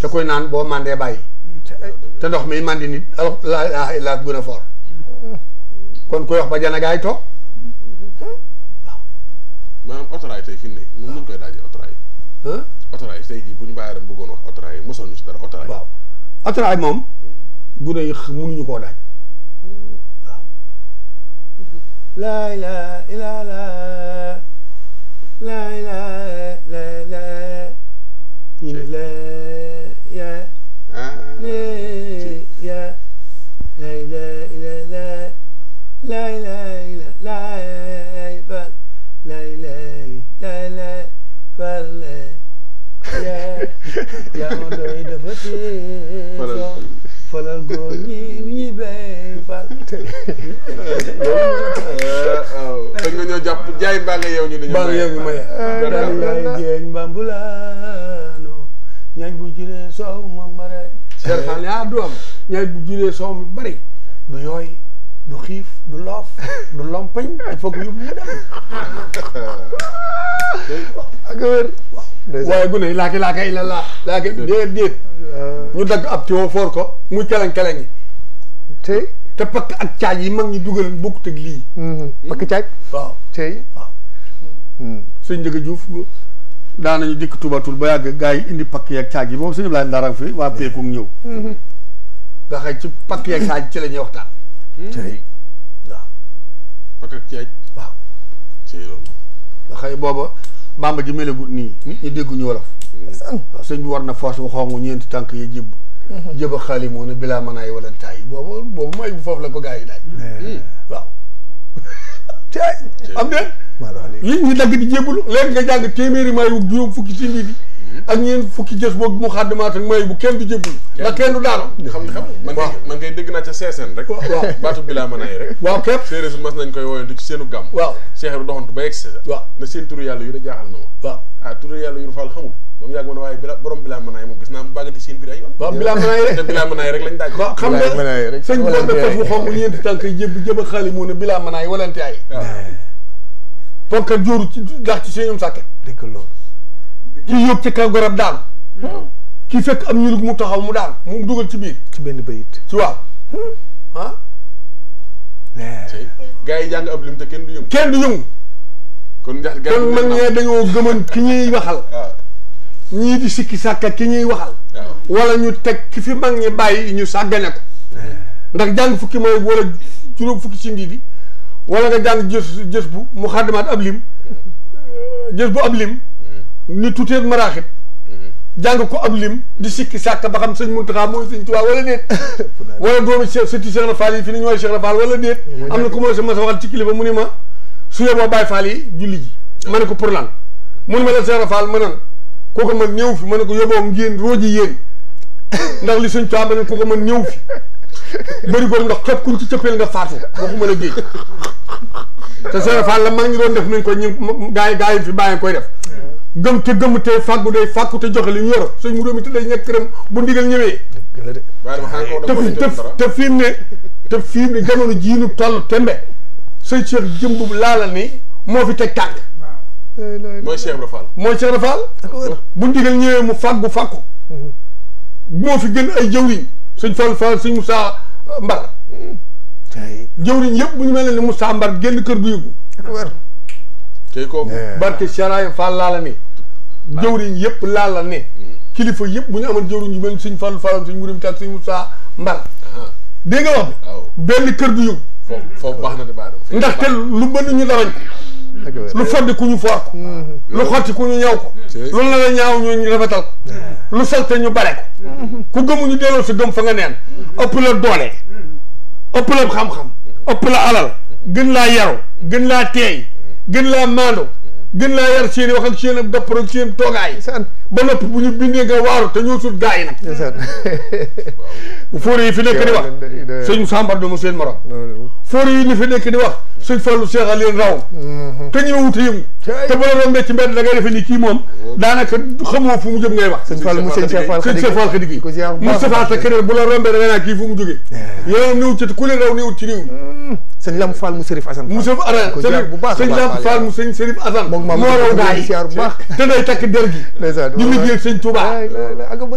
te koy naan boo màndee bàyyi hmm. te ndox mi mandi nit laa laa gën a foor kon koy wax ba jana gaa yi toog fi mu ne moom koy daajee Otraay tey jii bu ñu bàyyi ren bëggoon wax Otraay mosoon ñu si dara Otraay. waaw Otraay moom. Hmm. gune yi mënuñu koo daaj. Hmm. waaw. Hmm. laa ilaaha illallaah laa yaama doy dafa tee soo jaay mbaa nga yow ñu dañu mbaa nga yow ñañ bu juree soow ma mare yaa doom ñañ bu juree soow mu bari du yooy du xiif du loof du lompañ il faut que yóbbu mu dem. waaye gune yi laaki laaka yi la laa laaki déet déet euh. ñu dagg ab tuyau foor ko mu keleng-keleng yi tey te pakk ak caaj yi mag ñi dugal bokkut ak lii mm-hmm. hmm? pakk caaj waaw tey waaw hmm. sëñ Njëga Juuf daanañu dikk tubatul ba yàgg gaa yi indi pakk yeeg caaj yi moom suñu laay ndarang fii waa peeku ñëw mm-hmm. nga xëy ci pakk yeeg caaj ci la ñuy waxtaan tey hmm? waaw. patak ceeb waaw. ci loolu. nga xëy booba bàmba ji melagut nii nit hmm? ñi dégguñu wolof. Hmm. waaw sëñ bi war na force bu xongu ñeenti tànk yi jëbb. jëb a xaalis moo ne bilaa mën aay wala taay boobu foofu la ko gaa yi daaj. waaw. tey am de. maanaam ñu dagg di jébbalu léegi nga jàng téeméeri may wu juróom fukki si mbii bi. ak ñeen fukki jës boog mu xaddamaat ak may bu kenn du jëbbu ndax kenn du daal xam xam waaw man ngay dégg naa ca seeseen rek waaw baatu bi laa mën a yi rek mas nañ koy wooyantu ci seenu gàmm waaw seexeru doxantu ba egsi waaw na seen turu yàlla yu da jaaxal na ma waaw ah turu yàlla yu faal xamul moom yàgg man waaye borom bilaa mën a yi moom gis naa mu bàggati seen biir ay yoon waaw bilaa mën a rek te bilaa mën a xam nga sëñ boo ne foofu xonq ñeenti tànk jëb jëb ak a yi walante ay ponkat jóoru ci ndax ci kii yóbbu ci kaw garab daal. Hmm. kii fekk am ñu mu taxaw mu daal mu dugal ci biir. ci benn bayit ci waaw. Hmm. ah. yi jàng ab lim te kenn du yëngu. kenn du yëngu. kon ndax man ñee dañoo gëmoon ki ñuy waxal. Ah. ñii di sikki sàkka ki ñuy waxal. Ah. wala ñu teg ki fi mag ñi bàyyi ñu sàggane ko. ndax jàng fukki mooy wala juróom fukki ci ndi di wala nga jàng jës bu mu xadamaat ab lim hmm. jës bu ab lim. ni tuteet maraaxit mhm. jàng ko ab lim di sikki sàkk ba xam sëñ Muntaxa mooy sëñ Tuubaa wala déet wala doomu Cheikh sëti Cheikh Rafal yi fi ni ñooy Cheikh Rafal wala déet am na ku ma sa ma sa mu ni ma su yeboo Baay Faal ma ne ko pour lan mu ma la ma naan kooku man ñëw fi ma ne ko yoboo ngeen róoji yéen ndax li suñ Tuubaa ma ne kooku man ñëw fi bëri ko ndox képp kuñ ci cëppeel nga faatu waxuma la géej te Cheikh Rafal la mag ñi doon def nañ ko ñu gaa yi gaa yi fi bàyyi koy def gëm te gëm te fàggu day fàggu te joxe li ñu yor sëñ mu doomi te day nekk këram bu ndigal ñëwee te fi mu ne te fi ne jamono jii nu toll tembe sëñ Cheikh jëmb laala ni moo fi teg tànk mooy Cheikh Ibra Fall bu ndigal ñëwee mu fàggu fàggu mm-hmm. moo fi gën ay jëwriñ sëñ Fall Fall sëñ Moussa Mbar mm-hmm. jëwriñ yëpp bu ñu mel ne Moussa Mbar génn kër du yëgu eh. barke jëwriñ yëpp laal la ne hmm. kilifa yëpp bu ñu amal jëwriñ yu mel suñ Fallou Fallou suñ Murim Tall suñ Moussa Mbar ah. dégg nga wax bi benn kër du yëg foofu baax na de baax ndaxte lu bënn ñu darañ ko lu foddi ku ñu foor ko hmm. lu xotti ku ñu ñaw ko lu la la ñaaw ñu rafetal ko hmm. lu salte ñu bare ko ku gëmuñu delloo sa gëm fa nga neen ëpp la doole ëpp la xam-xam ëpp la alal gën laa yaru gën laa teey gën laa maandu gën laa yar seen i wax ak seen i dapper ak seen toogaay. te ñoo sut gaa yi nag. fóor yi fi nekk di wax. sëñ Sambar du ma seen morom. fóor yi ñu fi nekk di wax. sëñ Fallou Cheikh a leen raw. Mm-hmm. te ñu wut yëngu. te bu la rombee ci mbedd da ngay defe ni kii moom. daanaka xamoo fu mu jëm ngay wax. sëñ Fallou mu sëñ Cheikh Fall Khadi sëñ Cheikh Fall Khadi Moustapha te keneen bu la rombee da ngay fu mu jógee. yow néew ci ku leen raw néew ci réew sëñ Lam Fall mu Serif Assane. mu Serif Assane bu baax sëñ Lam Fall mu sëñ Serif Assane. moom moo raw gaay siyaar bu baax te day takk der gi. ñu liggéey sëñ Touba.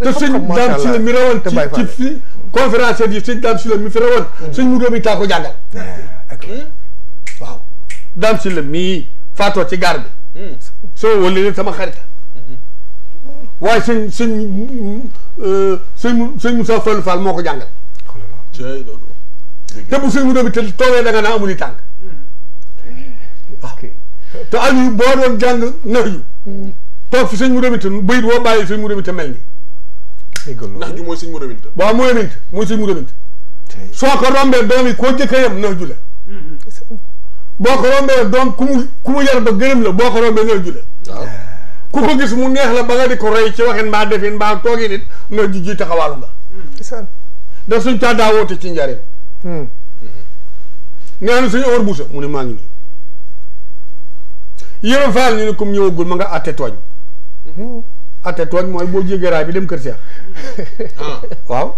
te sëñ Dame Sylla mi rawoon ci ci ci conférence yi sëñ Dame mi fi rawoon. Mm. sëñ mu doomi taa ko jàngal. Eh, hmm? waaw Dame Sylla mii faatoo ci gaar bi. Hmm. soo wëlee leen sama xarita mm-hmm. waaye sëñ sëñ mm, mm, euh, sëñ Moussa Fall Fall moo ko jàngal. te bu sëñ Modou bi te toogee da nga naa amuñu tànk waaw ah. te Aliou boo doon jàng nax ju toog fi sëñ mu bi te bayit woo bàyyi sëñ Modou bi te mel nii nax ju mint mooy sëñ Modou bi te soo ko rombee doom yi koo jëkk yem nax ju la mm-hmm. boo ko rombee doom ku mu la boo ko rombee nax ju la ku ko gis mu neex la ba nga di ko roy ci waxin mbaa defin mbaa toogi nit nax ju ji taxawaalu nga mm-hmm. ndax suñ taa daa woote ci njariñ Hmm. nee na suñu Omar Bousso mu ne maa ngi nii Yërim Fall ñu ne comme ñëwagul ma nga àtte tooñ hmm. àtte tooñ mooy boo jéggee raay bi dem kër Seex ah. waaw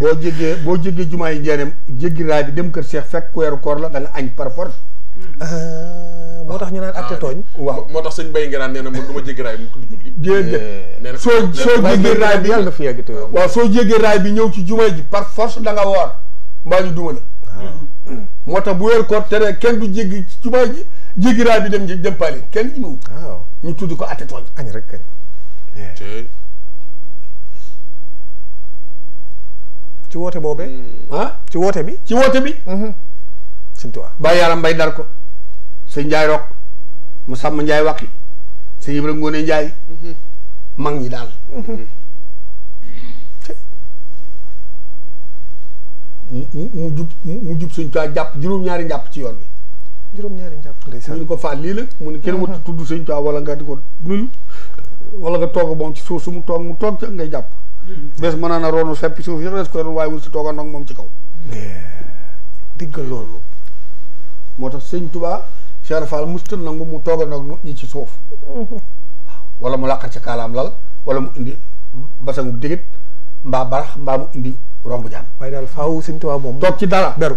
boo jéggee boo jéggee jumaa yi njeeneem jéggi raay bi dem kër Seex fekk weeru koor la da nga añ par hmm. ah. Ah. moo tax ñu naan àtte tooñ waaw moo tax sëñ Baye nga naan na du ma jéggi raay soo soo jéggee raay bi yàlla na fi yàgg waaw soo jéggee raay bi ñëw ci jumaa ji par force da nga mbaa ñu duma ah. moo tax bu weer koor tere kenn du jéggi jumaa ji jéggi raay bi dem dem paale kenn ñu tudd ko atte tooñ añ rek kañ ci woote boobee hmm. ah ci woote bi ci woote bi mm-hmm. sëñ Tuubaa Bay dar ko sëñ Njaay Rokk mu sàmm Njaay Wakki sëñ Ibra Ngoone Njaay mm-hmm. mag ñi daal mm-hmm. mu mu jub mu jub sëñ Tuubaa jàpp juróom-ñaari njàpp ci yoon bi. juróom-ñaari njàpp ndeysaan mu ne ko faal lii la. mu ne kenn mu tudd sëñ Tuubaa wala nga di ko nuyu. wala nga toog moom ci suuf su mu toog mu toog ngay jàpp. bés mën naa roonu seppi suuf yëpp des ko doon waaye wul si toogandoog moom ci kaw. diggal loolu. moo tax sëñ Tuubaa Cheikh Fall musta nangu mu toogandoog ñi ci suuf. wala mu làqal ca kaalaam lal wala mu indi basangu digit mbaa barax mbaa mu indi romb jaan waaye daal faaw Sëñ moom toog ci dara beru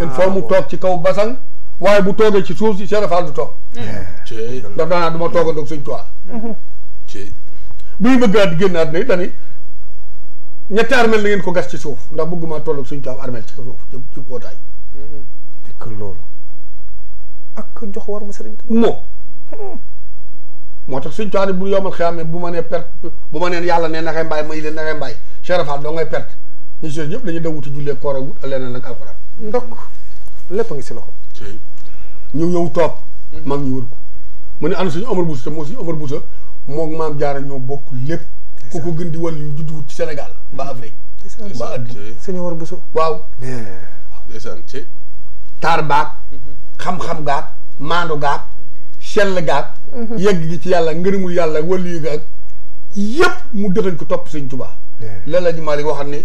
il faut mu ah, toog ci kaw basan waaye bu toogee ci suuf si Cheikh Fall du toog ndax daanaa du ma toogandoog Sëñ Tuubaa buy bëgg at génn àdduna yi dani ñetti na ngeen ko gas ci suuf ndax bëgguma tolloog Sëñ Tuubaa armel ci suuf ci ci mbootaay dëkk loolu ak jox war ma sëriñ moo hmm. moo tax Sëñ Tuubaa bu yomal xeyaamee bu ma nee perte bu ma neen yàlla ne naxee mbaay may leen naxee mbaay Cheikh Fall doo ngay perte ñu si ñëpp wuti jullee koor ak wut leneen ak a ngi si ñu ñëw toog. Mm-hmm. mag ñu ne ana suñu Omar Boussa moo suñu Omar Boussa moom maam di wàll yu judd wut ci Sénégal mbaa Afrique. mbaa adduna suñu Omar Boussa waaw. ndeysaan ci taar baag mm-hmm. xam-xam gaag maandu gaag sell gaag mm-hmm. yegg gi ci yàlla ngërëmul yàlla wàllu yu gaag yépp mu dëxañ ko topp sëñ Tuubaa leen la ji Malick waxaat ni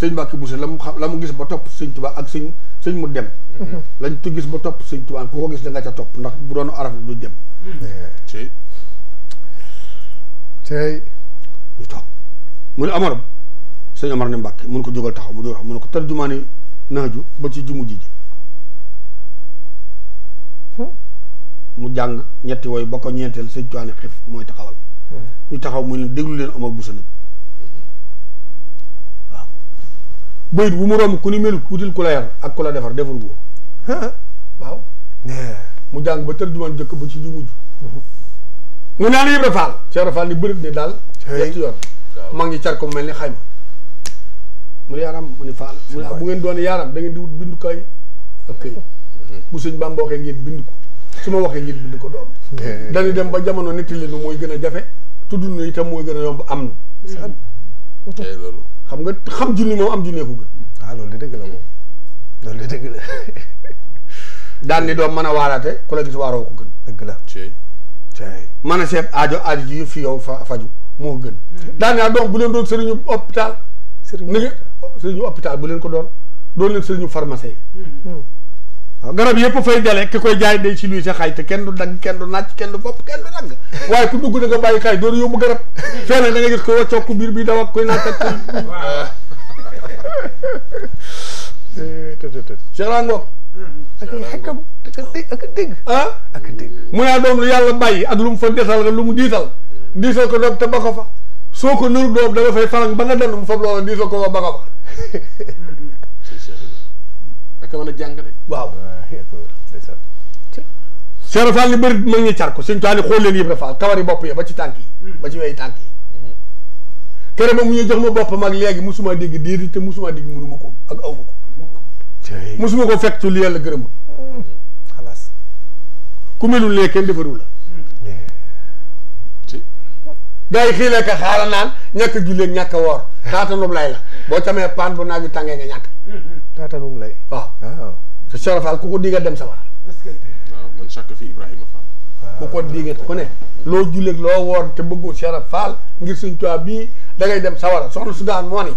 sëñ Mbacke Bousso la mu xam la mu gis ba topp sëñ Tuubaa ak sëñ sëñ mu dem mm-hmm. lañ tu gis ba topp sëñ Tuubaa ku ko gis da ca topp ndax bu doon araf du dem mm-hmm. tey tey mu ne sëñ Amar ne Mbacke mun ko jógal taxaw mu jógal mun ko tarjumaani naaju ba ci jumu ji hmm? jàng ñetti wooyu ba ko ñeenteel sëñ Tuubaa ne xif mooy taxawal hmm. ñu taxaw muy déglu leen Amar Bousso bëyit bu mu romb ku ni melut wutil ku la yar ak ku la defar defar ko waaw mu jàng ba tër juman jëkk bu ci ji mujj mu naan Ibra Faal Cheikh Ibra Faal ni bërit ni daal ñetti yoon mag ñi car ko mel ni xayma mu ne yaaram mu ne faal mu bu ngeen doon yaaram da di wut bindukaay ak këy mhm. bu sëñ Bamba waxee ngeen bind ko su ma waxee ngeen bind ko doom dañu dem ba jamono nekk nu mooy gën a jafe tudd nu itam mooy gën a yomb am na xam nga xam junni moom am junnee ko gën ah loolu de dëgg la moom loolu de dëgg la daan ni doom mën a waaraate ku la gis waaroo ko gën dëgg la mën a seet aajo aajo ji fi yow fa faju moo gën hmm. daan naa doom bu leen doon sëriñu hôpital sëriñu hôpital bu leen ko doon doon leen sëriñu pharmacien hmm. hmm. waaw garab yëpp fay jale ki koy jaay day si luy sa xay te kenn du dagg kenn du nàcc kenn du bopp kenn du dagg waaye ku dugg da nga bàyyi xay dooru da nga gis koy waccoog ku biir bi daw ak koy mu naa yàlla bàyyi ak lu mu lu mu diital hmm. ko doom te ba ko fa soo ko doom da fay farang ba nga dem mu fab loola diisal ko ba ba fa rek a mën a jàng de waaw Cheikh Fall li bëri mag ñi car ko suñ taali xool leen Ibra Fall kawari bopp ya ba ci tànk yi ba ci wey tànk yi mm-hmm. kere ba mu ñu jox ma boppam ak léegi musuma dégg déedéet te musuma dégg mënuma ko ak aw ko musuma ko fekk ci li yàlla gërëm mm-hmm. xalaas ku melul ne kenn defaru la mm-hmm. gaa yi xiilee ka xaara naan ñàkk a julleeg ñàkk a woor taatanum lay la boo tamee paan bu naaju tàngee nga ñàkk taatanum lay waaw Cheikh Fall ku ko digal dem sawar. waaw man chaque fi Ibrahima Fall. ku ko digal ku ne. loo julleeg loo woor te bëggul Cheikh Fall ngir suñ tubaab bii da ngay dem sawara soxna Sudaan moo ni.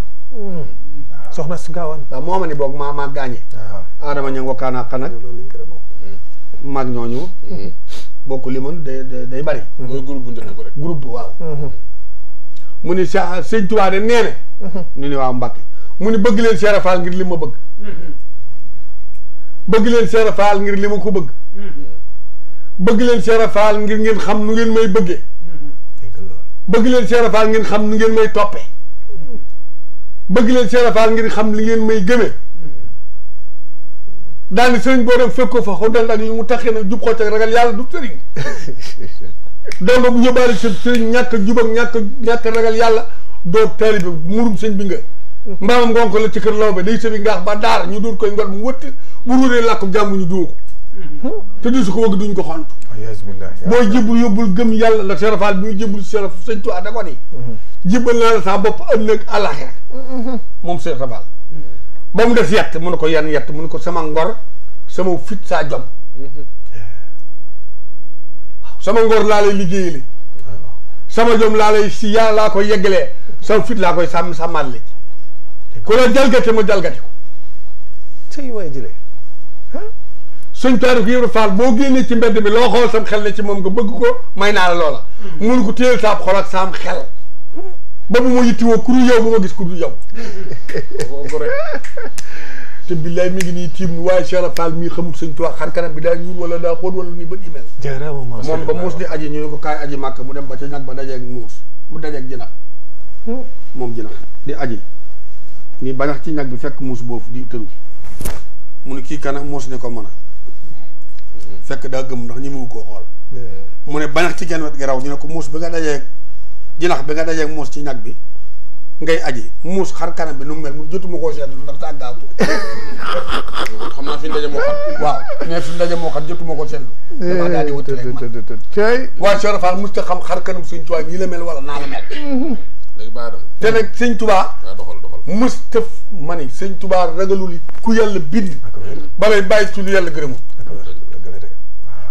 soxna su gaawaan. waaw moo ma ni boog maa maa gaañe. waaw Adama ñu ngi xanaa xanaa. mag ñooñu. Mm-hmm. bokk li mën day day bari. Mm-hmm. mooy groupe bu njëkk ba rek. groupe bu waaw. Mm-hmm. mu ni Cheikh sëñ Tuubaa de nee na. ñu ni waaw Mbàkke mu ni bëgg leen Cheikh Fall ngir li ma bëgg. bëgg leen Cheikh Ibra Fall ngir li ma ko bëgg bëgg leen Cheikh Ibra ngir ngeen xam nu ngeen may bëggee bëgg leen Cheikh Ibra ngeen xam ni ngeen may toppee bëgg leen Cheikh Ibra ngeen xam li ngeen may gëme daani sëriñ boo dem fekk ko fa xondal ak yi mu taxee nag jub xocc ak ragal yàlla du sëriñ donc bu ñëbaale sa sëriñ ragal yàlla doo taalibe murum sëñ bi nga mbaamam ngonko la ci kër law ba day sëbi ngaax ba daara ñu duur koy ngor bu wëtti bu ruuree làkku jàmm ñu duur ko te du su ko wëgg duñ ko xont boo jibul yóbbul gëm yàlla la serafal bi muy jibul seraf sëñ tuwaa da ko ni mm-hmm. jibal naa la saa bopp ëllëg alaxira mm-hmm. moom serafal mm-hmm. ba mu def yett mu ne ko yan yett mu ne ko sama ngor sama fit saa jom sama ngor laa lay liggéeyale sama jom laa lay si yaa laa koy yeggalee sama fit laa koy sàmm sàmmal li ko la jalgati mu jalgati ko. sëñ waay jëlee suñ taarix Ibra Fall boo génnee ci mbedd mi loo kool sam xel ne ci moom nga bëgg ko may naa la loola. Hmm. mun ko téyel saab xol ak xel. Hmm. ba mu ma yittiwoo ku dul yow ba ma gis ku dul te billaay mi ngi nii tiim waaye Cheikh Ibra Fall mii xamul sëñ Tuubaa xar kanam bi daa ñuul wala daa xóot wala ni bët yi mel. jaaraama macha moom ba muus di aji ñu ne ko kaay aji màkk mu dem ba ca ñag ba dajeeg muus mu dajeeg jinax hmm. moom jinax di ni banax ci ñag bi fekk muus boobu di tëru mu ne kii kanam muus ne ko mën a fekk daa gëm ndax ñi mu koo xool mu ne banax ci genn wet gi raw ñu ne ko muus bi nga dajeeg jinax bi nga dajeeg muus ci ñag bi ngay aji muus xar kanam bi nu mu mel mu jotuma koo seetlu ndax daa gaawtu xam naa fi ndaje moo xam waaw mais fi ndaje moo xam jotuma koo seetlu damaa daal di wuti rek man tey waa Cheikh Fall mos ta xam xar kanam Sëñ Tuubaa ñii la mel wala la mel te nag Sëñ Tuubaa mëstëf ma ni sëñ Tuubaa ragalul ku yàlla bind ba lay bàyyi ci lu yàlla gërëmul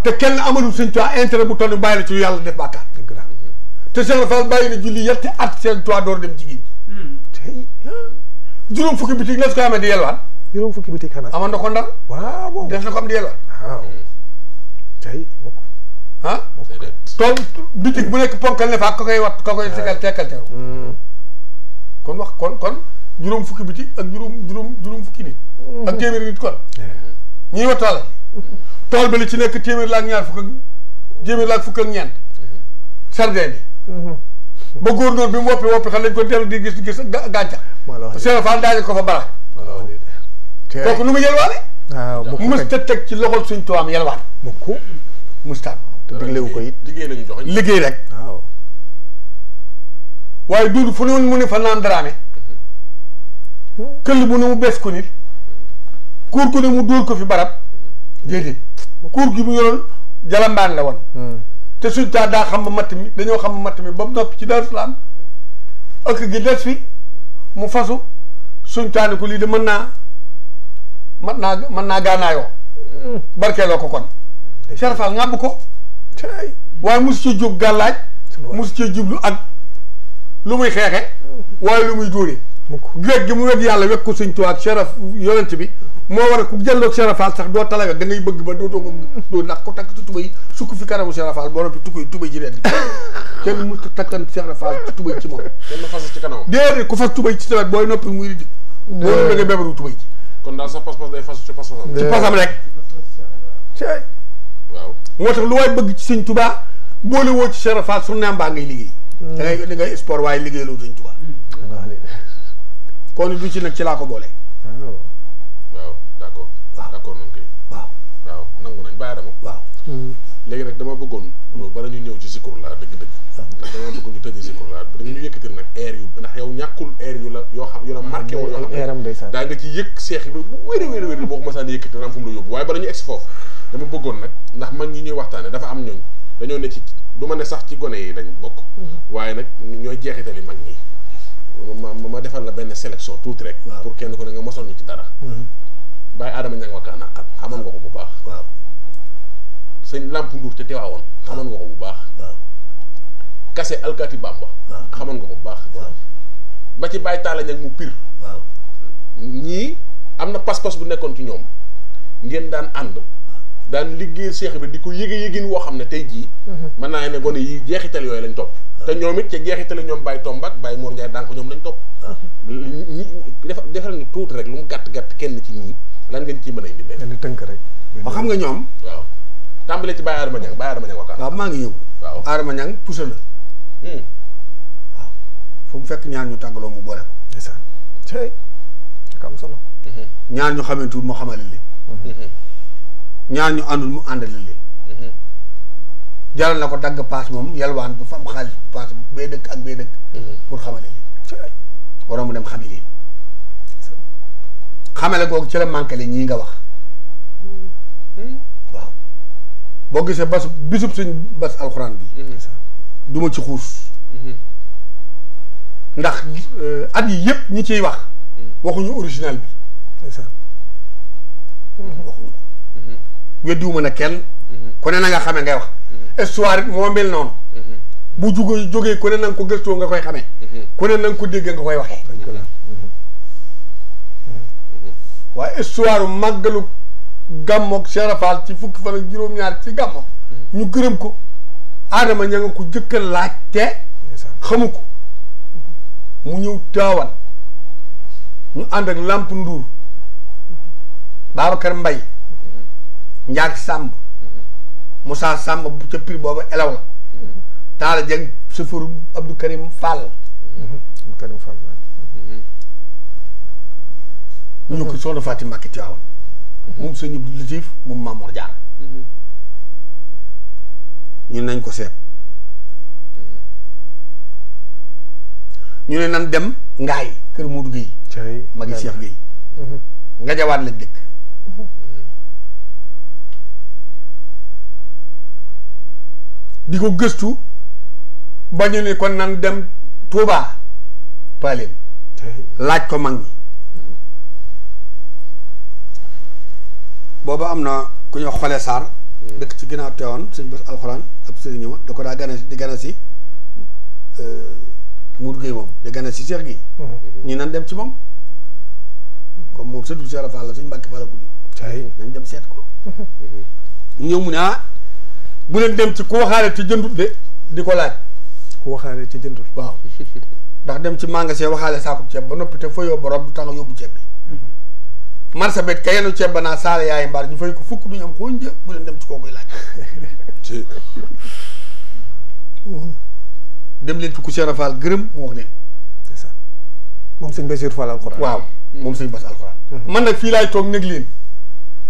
te kenn amalul sëñ Tuubaa intérêt bu tonn bàyyi la ci yàlla def bàkkaar te Cheikh Fall bàyyi na julli yetti at seen Tuubaa door dem ci géej hmm. ah. juróom fukki bitig la su ko amee di yelwaan juróom fukki bitig xanaa amoon na ko ndar waaw def na ko am di yelwaan waaw tey ah? bitig bu nekk ponkal ne faa ko koy wat ko koy sekkal tekkal teew hmm. kon wax kon kon juróom fukki biti ak juróom juróom juróom fukki nit. Mhm. ak téeméeri nit kon. ñuy wa tool tool ba li ci nekk téeméer la ak ñaar fukk ak téeméer la ak fukk ak ñeent. Mhm. sardin bi. Mhm. ba góor noonu bi mu woppi woppi xam nañ ko dellu di gis gis gàncax. Sëriñ Faal daañu ko fa bara. tey kooku nu mu yelwaane. waaw ah, mu mës ta teg ci loxol suñ tuwaam yelwaan. mu ko musta te diglewu ko it liggéey la ñu liggéey rek. waaw. waaye dund fu ne mu ne fa naan daraame. këll bu ne mu bees ko nit kuur ko ne mu dóor ko fi barab déedéet kuur gi mu yoroon jalambaan la woon hmm. te suñ taa daa xam ba matt mi dañoo xam ba matt mi ba mu noppi ci Daaru Salaam ëkk gi des fi mu fasu suñ taa ni ko lii de mën naa mën naa mën naa gaanaayoo hmm. barkeeloo ko kon serafal ngàbb ko waaye mosu ci jóg gàllaaj mosu ci jublu ak lu muy xeexe hmm. waaye lu muy dóoree wég gi mu wég yàlla wég ko sëñ Tuubaa ak yonent bi moo war a ku jëlloog sharafal sax doo tala wég bëgg ba doo doo doo ko takk ci tuba yi sukk fi kanamu sharafal boo noppi tuba tuba ji redd kenn mu takkan sharafal ci tuba ci moom kenn fas ci kanam déedéet ku fas tuba ci tawet booy noppi muy riddi boo da sa pas-pas day fas ci pasam ci pasam rek moo tax lu waay bëgg ci sëñ Tuubaa boole woo ci sharafal su neem baa ngay liggéey mm. da ngay da ngay sport waaye liggéey loolu sëñ Tuubaa kon du ci nag ci laa ko boole. waaw d' accord. waaw d' accord nañ koy. waaw nangu nañ bàyyi dama. waaw. Hmm. léegi nag dama bëggoon. na hmm. ñu ñëw ci Zikru laa dëgg-dëgg. ndax dama bëggoon ñu tëjee Zikru laa da nga ñu yëkkati nag air yu ndax yow ñàkkul air yu la yoo xam yu la marqué woon. yoo xam ne daa nga ci yëg seex yi bu wér a wér a wér boo ko masaan yëkkati dana am mu la yóbbu waaye bala ñu egsi foofu dama bëggoon nag ndax mag ñi ñuy waxtaane dafa am ñooñ dañoo ne ci du ma ne sax ci gone yi dañ bokk hmm. waaye nag ñooy jeexital yi mag ñi ma ma defal la benn sélection tuuti rek. pour kenn ku ne nga mosal ñu ci dara. Mhm. bàyyi Adama Niang Wakana naqar xamoon nga ko bu baax. waaw sëñ Lamp Ndour te teewaawoon. xamoon nga ko bu baax. waaw Kase Alkati xamoon nga ko bu baax. ba ci bàyyi Talla Niang mu piir waaw ñii am na pas-pas bu nekkoon ci ñoom ngeen daan ànd. daan liggéey seex bi di ko yëge yëgin woo xam ne tey jii. Mhm. mën naa ne gone yi jeexital yooyu lañ topp. te ñoom it ca jeexitale ñoom Baye Tombak Baye Mor Ndiaye dànk ñoom lañ topp. Ah. ñi defal defal ñu tuuti rek lu mu gàtt gàtt kenn ci ñii lan ngeen ci mën a indi. benn tënk rek. ba xam nga ñoom. waaw tàmbale ci Baye Adama Niang Baye Adama Niang wakkaan. waaw maa ngi ñëw. waaw Adama Niang pousse la. Hmm. waaw mu fekk ñaar ñu tàngaloo mu boole ko. ndeysaan tey ak am solo. Hmm. ñaar ñu xamantul mu xamale leen. Hmm. ñaar ñu àndul mu àndale leen. jaral na ko dagg paas moom yalwaan bu fa am xaalis paas bee dëkk ak bee dëkk. Mm-hmm. pour xamale li waroon mu dem xamale li xamale googu ci la manqué li ñii nga wax mm-hmm. waaw boo gisee bas bisub suñ bas alxuraan bi. Mm-hmm. duma ci xuus. ndax euh, at yi yëpp ñi ciy wax. waxuñu original bi. waxuñu ko. weddiwuma na kenn. ku ne na nga xame ngay wax. histoire it moo mel noonu. bu jugee jógee ku ne na ko gëstoo nga koy xamee. ku ne na ko déggee nga koy waxee. waaye histoire màggalu gàmmoog Serapal ci fukki fan ak juróom-ñaar ci gàmmoog. ñu gërëm ko Adama ña nga ko jëkk laaj te xamu ko mu ñëw taawan ñu ànd ak làmp nduur Babacar Mbay Njaag Sàmb Moussa Samb ca prix boobu elew la Talla Dieng chauffeur Abdou Karim Fall Abdou Karim Fall ñu ko soxna Fatim Mbacke Tiwaawan mhm. moom sëñ Abdou Latif moom Mamour Diarra mhm. ñu nañ ko seet mhm. ñu ne nan dem Ngaay kër Modou Guèye magi Cheikh Guèye nga jawaat lañ dëkk di ko gëstu bañu ni kon nan dem Touba Paleen laaj ko mag ñi booba am na ku ñu xoolee Sarr hmm. dëkk ci ginnaaw teewoon suñ bés alxuraan ab sëriñ ñëw da ko daa gane di gane si euh, Mour Gueye moom di gane si Cheikh gi hmm. ñi nan dem ci moom comme moom sëtu Cheikh Fall la suñ mbàkki Fall la guddi nañ dem seet ko hmm. ñëw mu ne ah bu leen dem ci ku waxaale ci jëndut de di ko laaj. ku waxaale ci jëndut. waaw ndax dem ci magasin waxaale saako ceeb ba noppi te fa yoo borom du tax a yóbbu ceeb bi. Mm-hmm. marché bi ka yenu ceeb ba naa saala yaay mbaar ñu fay ko fukk duñu am koo një bu leen dem ci koo koy laaj. Mm-hmm. leen ci ku Cheikh Fall gërëm mu wax leen. c'est ça moom sëñ Bassirou Fall alxuraan. waaw moom sëñ Bass alxuraan. Mm-hmm. man nag fii laay toog nég leen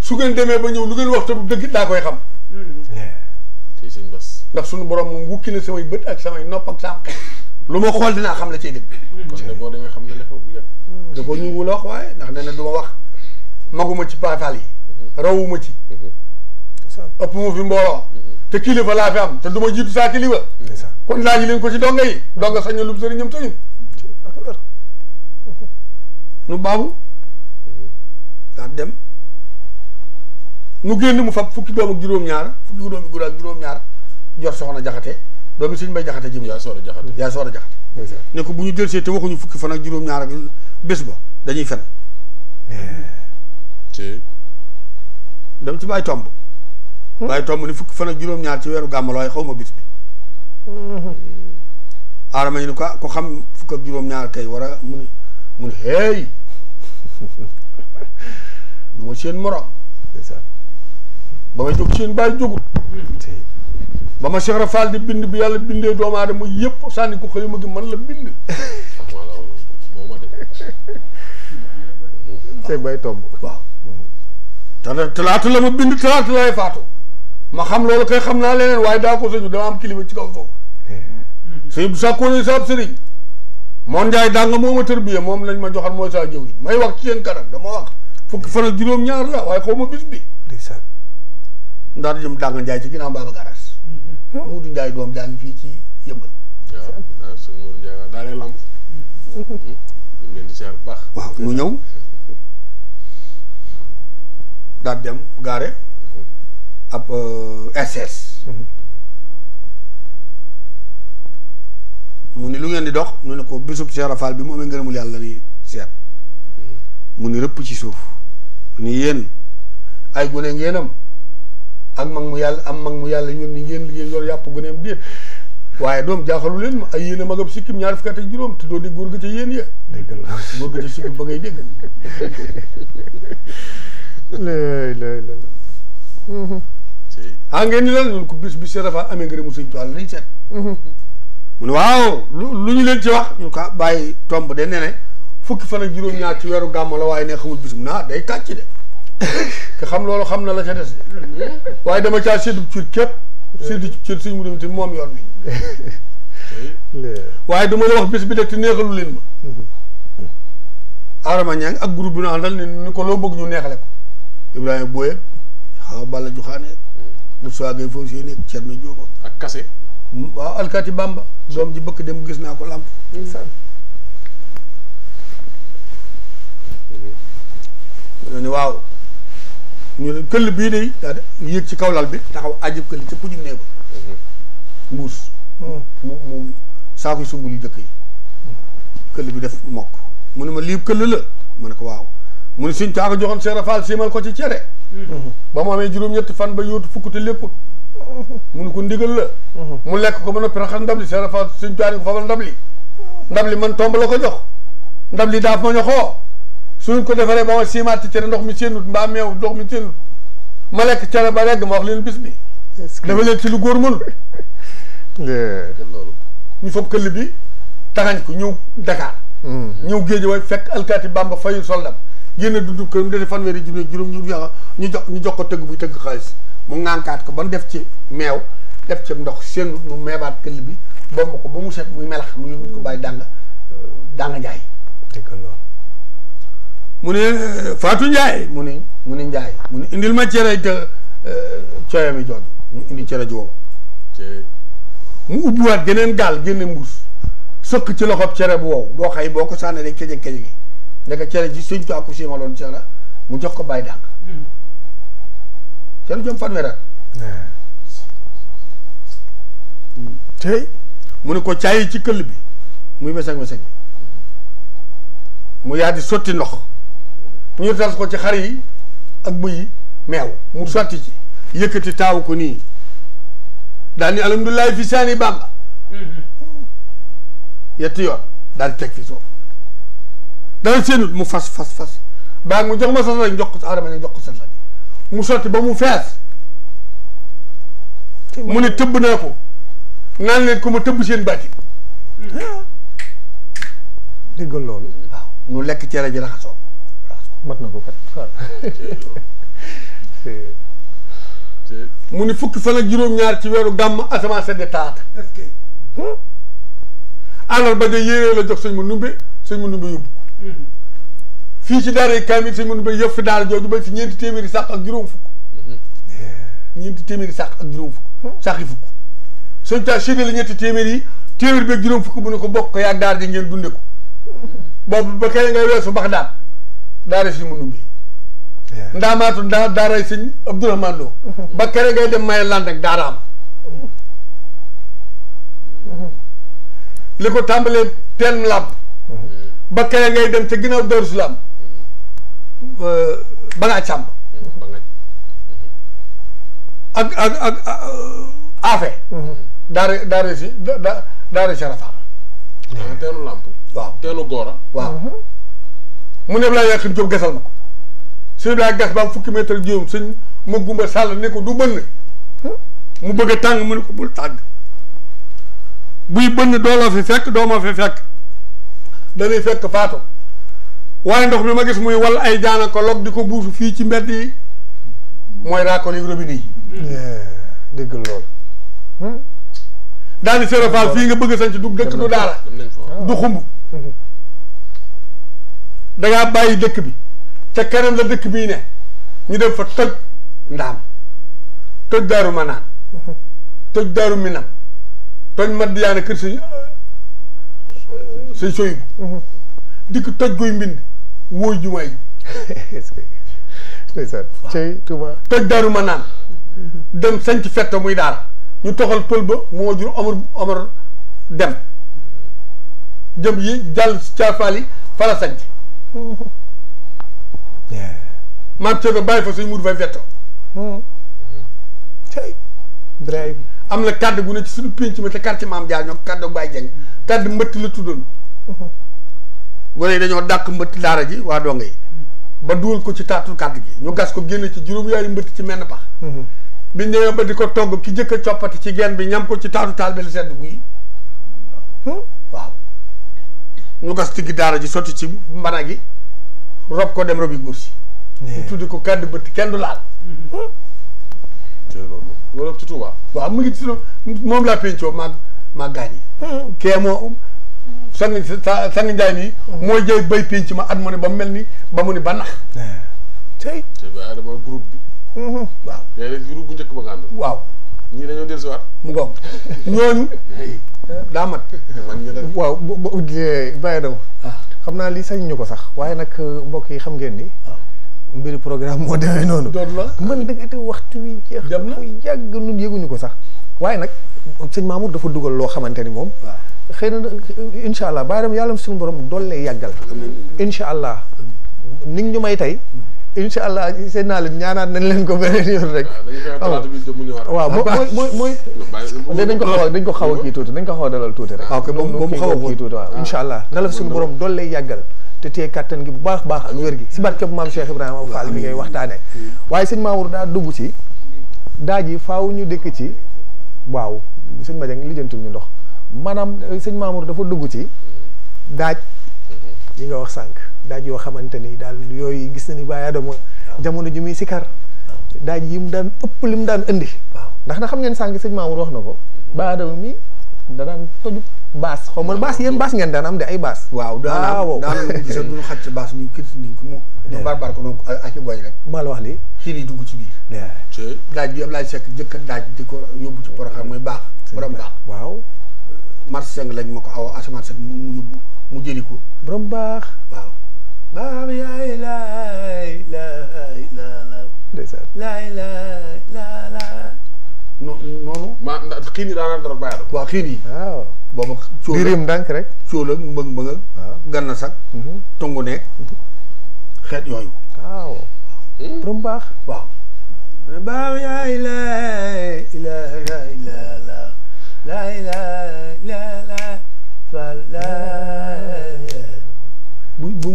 su ngeen demee ba ñëw lu ngeen wax te du dëgg daa koy xam. ci sëñ ndax suñu borom moom wukki na samay bët ak samay nopp ak sam lu ma xool dinaa xam na cay dëgg kon de xam ne dafa bu ñu wula wax waaye ndax nee na du ma wax maguma ci paafaal yi mhm. rawuma ci ëpp ma fi mbooloo mhm. te kilifa laa fi am te du ma jiitu saa kilifa kon laaj leen ko ci donga yi donga sañ na lu sëriñam tëñu nu baabu mhm. daal dem mu génn mu fab fukki doom ak juróom-ñaar fukki jor soxna jaxate doomi sëñ bay jaxate ji mu yaa soor a jaxate ne ko bu ñu delsee te waxuñu fukki fan ak juróom-ñaar ak bés ba dañuy fen eh. dem ci bàyyi tomb hmm? bàyyi tomb ni fukki fan ak juróom-ñaar ci weeru gàmmal waaye xaw ma bis bi hmm. aadama yi ni ko ah, ko xam fukk ak juróom-ñaar kay war a mu ni mu seen morom ba ma jóg seen bàyyi jógut hmm. ba ma Cheikh Rafal di bind bi yàlla bindee doomu adama yëpp sànni ko xëyuma gi man la bind seeg bay tomb waaw te la ma bind talaata lay faatu ma xam loolu koy xam naa leneen waaye daa ko sëñu dama am kilifa ci kaw foofu eh. hmm. sëñ sàkkoone saab sëriñ moon njaay danga moo ma tërbiye moom lañ ma joxal mooy saa jëw yi may wax ci seen kanam dama wax fukki fan juróom ñaar la waaye xaw ma bis bi ndax jëm dàng njaay ci ginnaaw baaba garas mm-hmm. Moodu Njaay doom jaa fii ci yëmbal waaw sëñ mm-hmm. Mm-hmm. bu baax ñëw daal dem gaare ab SS euh, mu ni lu ngeen di dox ñu ne ko bisub Cheikh Rafal bi mu amee ngërëmul yàlla ni seet mu ni rëpp ci suuf ni yéen ay gone ngeenam ak mag mu yàlla am mag mu yàlla yónni ngeen liggéey yor yàpp goneem déet waaye doom jaaxalu leen ma ay yéen a magam sikkim ñaar fukki at ak juróom te doo di góor ga ca yéen ya dégg la góor ga ca sikkim ba ngay dégg lay lay lay ah ngeen ni lan ñun mm-hmm. waaw lu ñu leen ci wax ñu ko bàyyi tomb de ne fukki fan ak juróom ñaar ci weeru gàmmu la waaye ne xamul bis mu naa day kàcc de te xam loolu xam na la ca des hmm? waaye dama caa séddu cir képp séddu cir suñ mu demati moom yoon wi waaye dama la wax bis bi de te neexalu leen ma hmm. Adama Niang ak groupe bi nu àndal ne ni ko loo bëgg ñu neexale ko Ibrahima Boye xaw Balla Juxaane hmm. Moussa Gueye foofu see nekk Thierno Diop ak Kassé waaw alkaati Bamba doom ji bëkk dem gis naa ko làmp waaw ñu ne këll bii day daa yéeg ci kaw lal bi taxaw ajib këll ca pujum nee ba mbuus mm-hmm. mu mu saako yi sumb lu jëkk yi këll bi def mokk mu ne ma lii këll la ne ko waaw mu ne suñ caako joxoon seera faal siimal ko ci cere mm-hmm. mu amee juróom fan ba yóotu fukk te lépp mm-hmm. ko ndigal la mu lekk ko ba noppi raxas ndab li seera faal suñ caari ko fabal ndab li ndab li man tomb ko jox ndab li daaf ma ñoxoo suñ ko defaree ba ma siimaati cere ndox mi séenut mbaa meew ndox mi séenut ma lekk cere ba regg ma wax leen bis bi dafa leen ci lu góor mënul loolu ñu fopp këll bi taxañ ko ñëw Dakar hmm. ñëw géej way fekk alkaati Bamba fayu soldam génn dundub kër mu dese fanweeri juróom ñu jox ñu jox ñu jox ko tëgg buy tëgg xaalis mu ŋànkaat ko ba def ci meew def ci ndox seen mu meebaat këll bi bomb ko ba mu set muy melax mu yëgut ko bàyyi dàng dàng njaay dëgg mu ne euh, Fatou Ndiaye mu ne mu ni Ndiaye mu ni indil ma cere te euh, coyam yi jooju ñu indi cere jooju mu ubbiwaat geneen gaal génne mbuus sëkk ci loxob cere bu wow boo xay boo ko sànnee rek keje keje gi ndeka cere ji sëñ ko si mu jox ko bàyyi dàq mm-hmm. tey mu ne ko caay ci këll bi muy meseŋ meseŋ mm-hmm. mu yaa di sotti ndox ñu tas ko ci xare yi ak buy yi meew mu sotti ci yëkkati taaw ko nii daal ni alhamdulilah fi saani bamba yetti yoon daal teg fi soof dara seenut mu fas fas fas baa mu jox ma sas rek jox jox ko sas la mu sotti ba mu fees mu ne tëbb naa ko naan leen ko ma tëbb seen bàtti hmm. dëgg loolu waaw mu lekk cere ji raxasoo mat na ko kat mu ni fukki fan ak juróom-ñaar ci weeru gàmm asamaan sedd taata hmm? alal ba de yéeree la jox sëñ mu numbe sëñ mu numbe yóbbu mm-hmm. fii ci daara kaamil sëñ mu numbe yëf fi daara jooju ba fi ñeenti téeméeri sàq ak juróom fukk mm-hmm. ñeenti téeméeri sàq ak juróom fukk hmm? sàqi fukk sëñ taa séddale la ñetti téeméer yi téeméer beeg juróom fukk bu ne ko bokk ko yaag daar ji ngeen dunde ko mm-hmm. boobu ba kay ngay weesu mbax daal daara si mu numbi ndaamaatu ndaa daaray sëñ Abdourahmane Lo mm-hmm. ba kere ngay dem maye land ak daaraam mm-hmm. li ko tàmbalee teen làmp mm-hmm. ba ngay dem te ginnaaw Daaru Salaam euh, ba ngaa càmb ak ak ak euh, afe daara daara si daara si rafaa ah, teenu làmp waaw teenu góora waaw mu ne laa yàqin jóob gasal ma ko sëñ laa gas ba fukki mètre juróom sëñ ma gumba sàll ne ko du bënn mu bëgg a tàng mu ne ko bul tàng buy bënn doo la fi fekk doo ma fi fekk dañuy fekk faatu waaye ndox mi ma gis muy wal ay jaana di ko buusu fii ci mbedd yi mooy raakol yi robinet yi hmm? nga bëgg sañ ci du dëkk du daara du xumb hmm. dangaa bàyyi dëkk bi ca kanam la dëkk bii ne ñu dem fa toj ndaam toj daaru manaan toj daaru minam toj madiyaana kër sañ sañ soyu dikk toj guy mbind wóoy jumaa yi toj daaru manaan dem sañ ci muy daara ñu toxal pël ba moo jur omar omar dem jëm yi jàll caafaali fala sañ maam Thierno bàyyi fa suñ muur fay fetto hmm. tey am na kàddu gu ne ci suñu pénc ma te quartier maam Diagne ñoo kàddu Baye Diagne kàddu mbëtt la tuddoon hmm. gone yi dañoo dàq mbëtt daara ji waa donga yi ba duwal ko ci taatu kàddu gi ñu gas ko génn ci juróom yaari mbëtt ci menn pax hmm. biñ ñëwee ba di ko togg ki jëkk a coppati ci genn bi ñam ko ci taatu taal bi la sedd guyi ñu gas tiggi daara ji sotti ci mbana gi rob ko dem robi guur si ñu ko kàddu bët kenn du laal mm-hmm. loolu ci Tuuba waaw mu ngi ci moom laa pencoo maa maa gaañi mm-hmm. kee moo sang sang njaay nii mm-hmm. moo jëy bay penc ma at mu ne ba mu mel ni ba mu ne ba nax tey ba dama bi waaw bu njëkk ba waaw ñii dañoo dellusiwaat mu ngoog ñooñu daa mat. waaw bu bu eh, bàyyi dama ah. xam naa lii sañ ñu ko sax waaye nag eh, mbokk yi xam ngeen ni. Ah. mbiri programme moo demee noonu. man dëgg te waxtu wi jeex. dem na yàgg ñu yëguñu ko sax. waaye nag sëñ Mamour dafa dugal loo xamante ni moom. Ah. xëy na eh, incha allah bàyyi dama yàlla suñu borom doole yàggal. incha allah ni ñu may tey. Hmm. incha allah seen naa leen ñaanaat nañ leen ko beneen yoon rek. waaw mooy mooy dañ ko xaw dañ ko xaw a kii tuuti dañ ko xaw a dalal tuuti rek. Ah, ok moom moom xaw a kii tuuti waaw incha allah. Ah. dala suñu borom dool lay yàggal. te tee kàttan gi bu baax baax ak wér gi si barkeb maam Cheikh Ibrahima Fall mi ngay waxtaane waaye sëñ Mamour daa dugg ci. daa ji faaw ñu dëkk ci. waaw sëñ Madiagne lijjantul ñu ndox maanaam sëñ Mamour dafa dugg ci daaj mm-hmm. yi nga wax sànq. daaj yoo xamante ni daal yooyu gis na ni baay Adama jamono ji muy sikar daaj yi mu daan ëpp li mu daan indi ndax na xam ngeen sànq sëñ Mamour wax na ko mhm. Baye Adama mi da daan toju baas xaw ma baas yéen baas ngeen daan am de ay baas waaw waaw daanam gisa duñu xaj ci baas ñu kërti niñ ko moom ñu barbar la wax lii xiin yi dugg ci biir daaj bi am laay sekk jëkk daaj di ko yóbbu ci programme muy baax borom baax waaw mars seng lañ ko aw asamaan set mu yóbbu mu jëri baax baam yaay laay laay laala. ndeysaan laay laay laala. non noonu. maa xiin yi daan dara bàyyi waaw xiin yi. waaw boobu. cóol ak birim ndànk rek. cóol ak mbëng mbëng ak. waaw ganna sax. Mm-hmm. tongu nekk xeet yooyu. waaw. pour mu baax. waaw. baam yaay laay laay laala laay laay.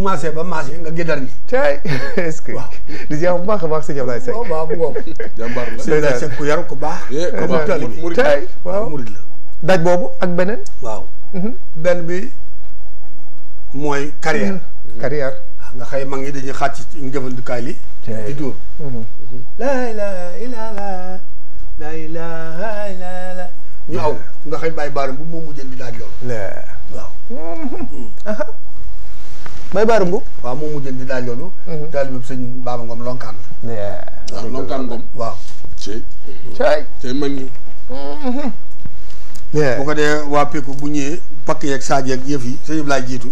commencé ba maas yi nga gëddar ñi. tey est-ce que. waaw baax a baax si Ablaye Seck. waaw bu boobu. jàmbaar la si Ablaye Seck ku yaru ku baax. Eh, ku la. daj boobu ak beneen. waaw. Mhm. benn bi mooy carrière. Mhm. Mhm. carrière. Ah, nga xëy mag ñi dañuy xàcc ci njëfandikaay li. di dóor. laa ilaaha illallaah laa ilaaha illallaah. ñu aw nga xëy bàyyi baaram bu mu jënd di daaj loolu. waaw. Mm. Uh-huh. bay baara mbub waaw moom mu jënd di loolu daal mhm. bi sëñ baaba ngoom lonkaan la ah, waaw lonkaan ngoom waaw ci tey mag ñi mhm. bu ko dee waa pékku bu ñëwee pakk yeeg saaj yeeg yëf yi sëñ bi laay jiitu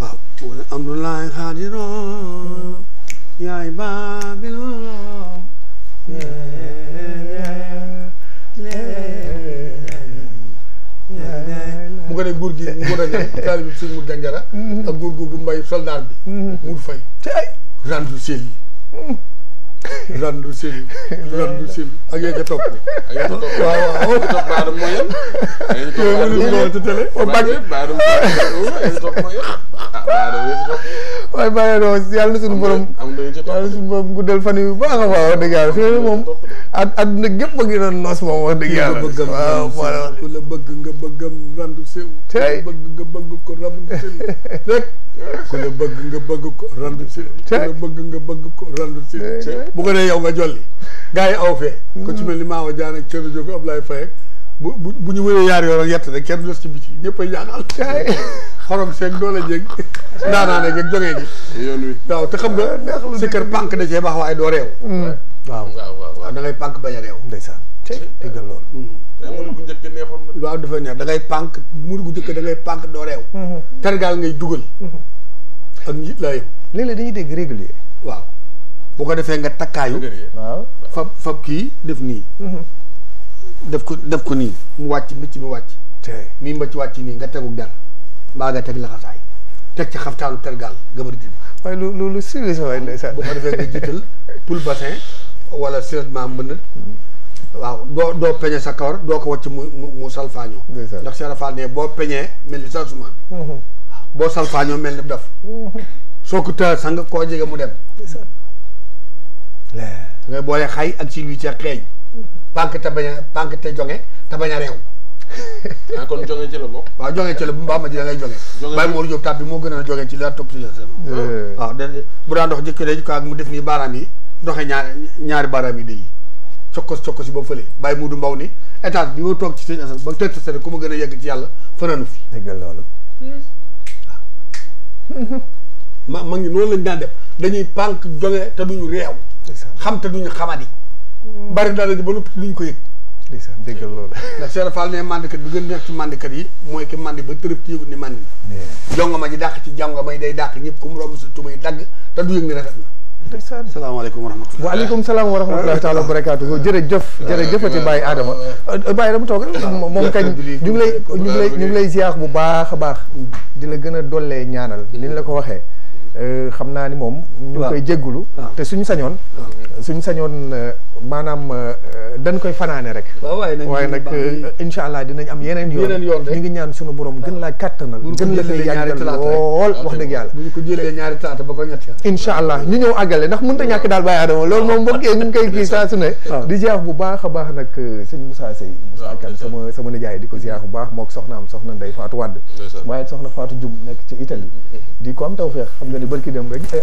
waaw am du laay xaadiro mu ko ne góor gi mu ko dañee taalibi sëñ mu jàngara ak góor googu mbay soldat bi mu fay rendu sel yi randu sil ak yéeg a topp. ak yéeg a a topp baadam mooy yan. yéeg a topp baadam mooy yan. Ah, ah, na yàlla na suñu borom yàlla fan yu baax a baax wax dëgg yàlla fi ne moom a ngi doon noos moom wax dëgg yàlla la bëgg nga bëggam randu ko randu ku la bëgg nga bëgg ko randu sil nga bëgg ko randu sil bu ko dee yow nga jolli gars yi aw fee ko ci mel ni Maama a ak Thierno Diop Ablaye Faye bu bu ñu wëree yaar yoon ak yett rek kenn des ci biti ñëpp a jaaxal xorom seeg doole jéeg ndaanaane geeg jongee gi yoon wi waaw si da cee baax doo réew mm. waaw da ngay pànk bañ a mm. mm. neex da ngay pànk mu gu jëkk da ngay pànk doo réew mm-hmm. tergaal ngay dugal mm-hmm. ak njiit laa yëpp léeg-léeg dañuy dégg régulier waaw bu ko defee nga takkaayu waaw fab fab kii def nii mm-hmm. def ko def ko nii mu wàcc mbicc mi wàcc mii mbacc wàcc nii nga tegu der mbaa nga teg laxasaay teg ci xaftaanu tergaal gëmër jim waaye lu lu lu sérieux waaye ndeysaan ko defee nga jiital poul bassin wala sérieusement mbënn mm-hmm. waaw doo doo peñe sa kawar doo ko wàcc mu mu salfaañoo ndax Cheikh Rafal ne boo peñee mel ni sa sumaan mm-hmm. boo salfaañoo mel ni daf soo ko tëral sang koo jege mu dem da ngay boole xay ak ci luy ca xeeñ. pànk te bañ a te jonge te bañ a réew. ah kon jonge ci la waaw jonge ci bu mbaa ma ji da ngay jonge. jonge bàyyi Mor bi moo gën a jonge ci la topp si eh. ah. bu daan dox jëkkër dañu ko ak mu def nii baaraam yi doxe ñaari ñaari baaraam yi di cokkos cokkos yi ba fële bàyyi du Mbaw ni état bi ma toog ci sëñ Assane ba tëtt sa ku ma gën a yegg ci yàlla fananu fi. dëgg la loolu. ma ma noonu lañ daan def dañuy pànk jonge te duñu réew xam te duñu xamadi mm. bari dara ji ba noppi duñ ko yëg ndeysaan déggal loolu ndax Cheikh Fall ne mandikat bi gën a neex ci mandikat yi mooy ki mandi ba tërëb ci yëgut ni mandi na jongoma ji dàq ci jongoma yi day dàq ñëpp ku mu romb sa dagg te du yëg ni rafet na ndeysaan salaamaaleykum wa rahmatulah waaleykum salaam wa rahmatulah taala wa barakaatu jërëjëf jërëjëfati Baye Adama Baye Adama toogal moom kañ ñu ngi lay ñu ngi lay ñu lay ziar bu baax a baax mm. di la gën a dollee ñaanal li ñu la ko waxee Euh, xam naa ni moom. ñu koy jéggulu te suñu sañoon. suñ sañoon euh, maanaam euh, euh, dan koy fanaane rek. waaye nag euh, incha allah dinañ am yeneen yoon. yeneen yoon ñu ngi ñaan suñu borom gën laa kàttanal. gën la fay yàggal lool ah, wax dëgg yàlla. bu ñu ko jëlee ñaari talaata ba ko ñetti. incha allah ñu ñëw àggale ndax mënut a ñàkk daal bàyyi Adama loolu moom mbokkee ñu ngi koy kii saa su ne. Ah. di ziar bu baax a baax nag sëñ Moussa Seye. Moussa Kane sama sama nijaay di ko ziar bu baax moo soxna am soxna Ndeye Fatou Wade. waaye soxna Fatou Dioum nekk ci Italie. Mm-hmm. di ko am taw tawfeex xam nga ni barki dem rek ay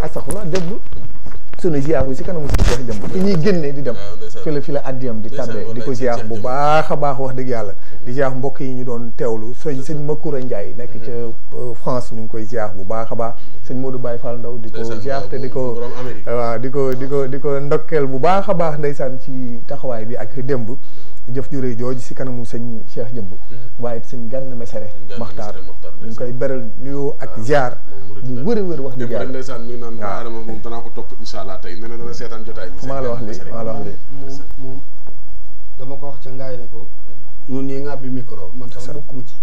sunu ziar bi si kanamu si Cheikh jëm fi ñuy génnee di dem ah, fi la fi la addiyam di tàbbee di ko ziar bu baax a baax wax dëgg yàlla di ziar mbokk yi ñu doon teewlu sëñ sëñ Makoura Ndiaye nekk ca mm-hmm. euh, France ñu ngi koy ziar bu baax a baax sëñ Modou Baye Fall Ndaw di ko ziar te di ko waaw di ko di ko di ko ndokkeel bu baax a baax ndeysaan ci taxawaay bi ak démb jëf ju jooj si kanamu sëñ Cheikh Jëmb mm-hmm. waaye it sëñ Gana Messere Maxtaar ñu ngi koy beral nuyoo ak ah, ziar bu wër a wax dëgg yàlla ndeysaan muy naan Adama moom ko topp incha allah tey nee na dana seetaan jotaay bi maa la wax li maa la wax dama ko wax ca ngaay ne ko ñun ñi nga bi micro man sax bokkuma ci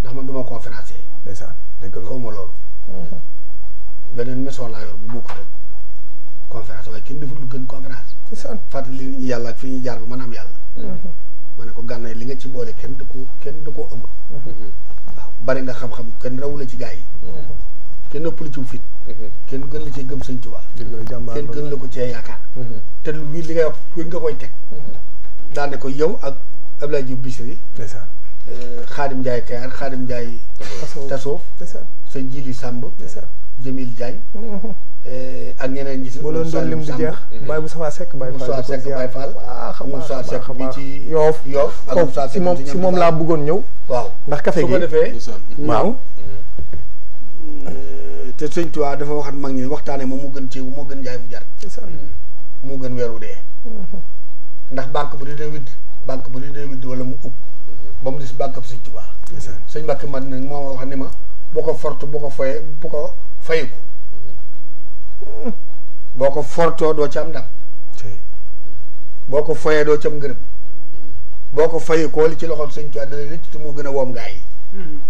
ndax man duma conférencier ndeysaan dëgg la xaw ma loolu mm-hmm. beneen maison laa yor bu bokk rek conférence waaye kenn deful lu gën conférence fàttali yàlla ak fi ñuy jaar ba mën am yàlla Mm-hmm. ma ne ko gànnaay li nga ci boole kenn da ko kenn du ko amul. Mm-hmm. waaw nga xam-xam kenn rawu la ci gaa yi. Mm-hmm. kenn ëpp la ci fit. kenn gën la ci gëm sëñ Tuubaa. kenn gën la ko cee yaakaar. te lu wii li nga wax nga koy teg. daane ko yow ak Abdoulaye Diouf Bichri. ndeysaan Xaadim euh, Njaay Kayaar Xaadim Njaay tasoof sëñ Jili Sàmb Jamil Diagne. Eh, ak ñeneen ñi si. Moussa Lim di jeex Baye Moussa Seck Baye Fall Moussa Seck Baye Fall. Moussa Seck bi ci Yoof Yoof ak Moussa Seck si moom si moom laa bëggoon ñëw. waaw ndax kafe gi su ko defee. Mm. waaw. Mm. Eh, te sëñ Tuubaa dafa waxat mag ñi waxtaanee moom moo gën ceebu moo gën jaay mu jar. Mm. moo gën weeru dee. Mm-hmm. ndax banque bu di dee witt banque bu di dee witt wala mu ub mm-hmm. ba mu dis banque bu sëñ Tuubaa. sëñ Mbàkke man nag moo wax ni ma boo ko fortu boo ko foyee bu ko. fay hmm. boo ko fortoo doo ci am ndam boo ko fayee doo ci am ngërëm boo ko fayee koo li ci loxol sëñ Tuubaa dana rëcc te moo gën a woom gaa yi hmm.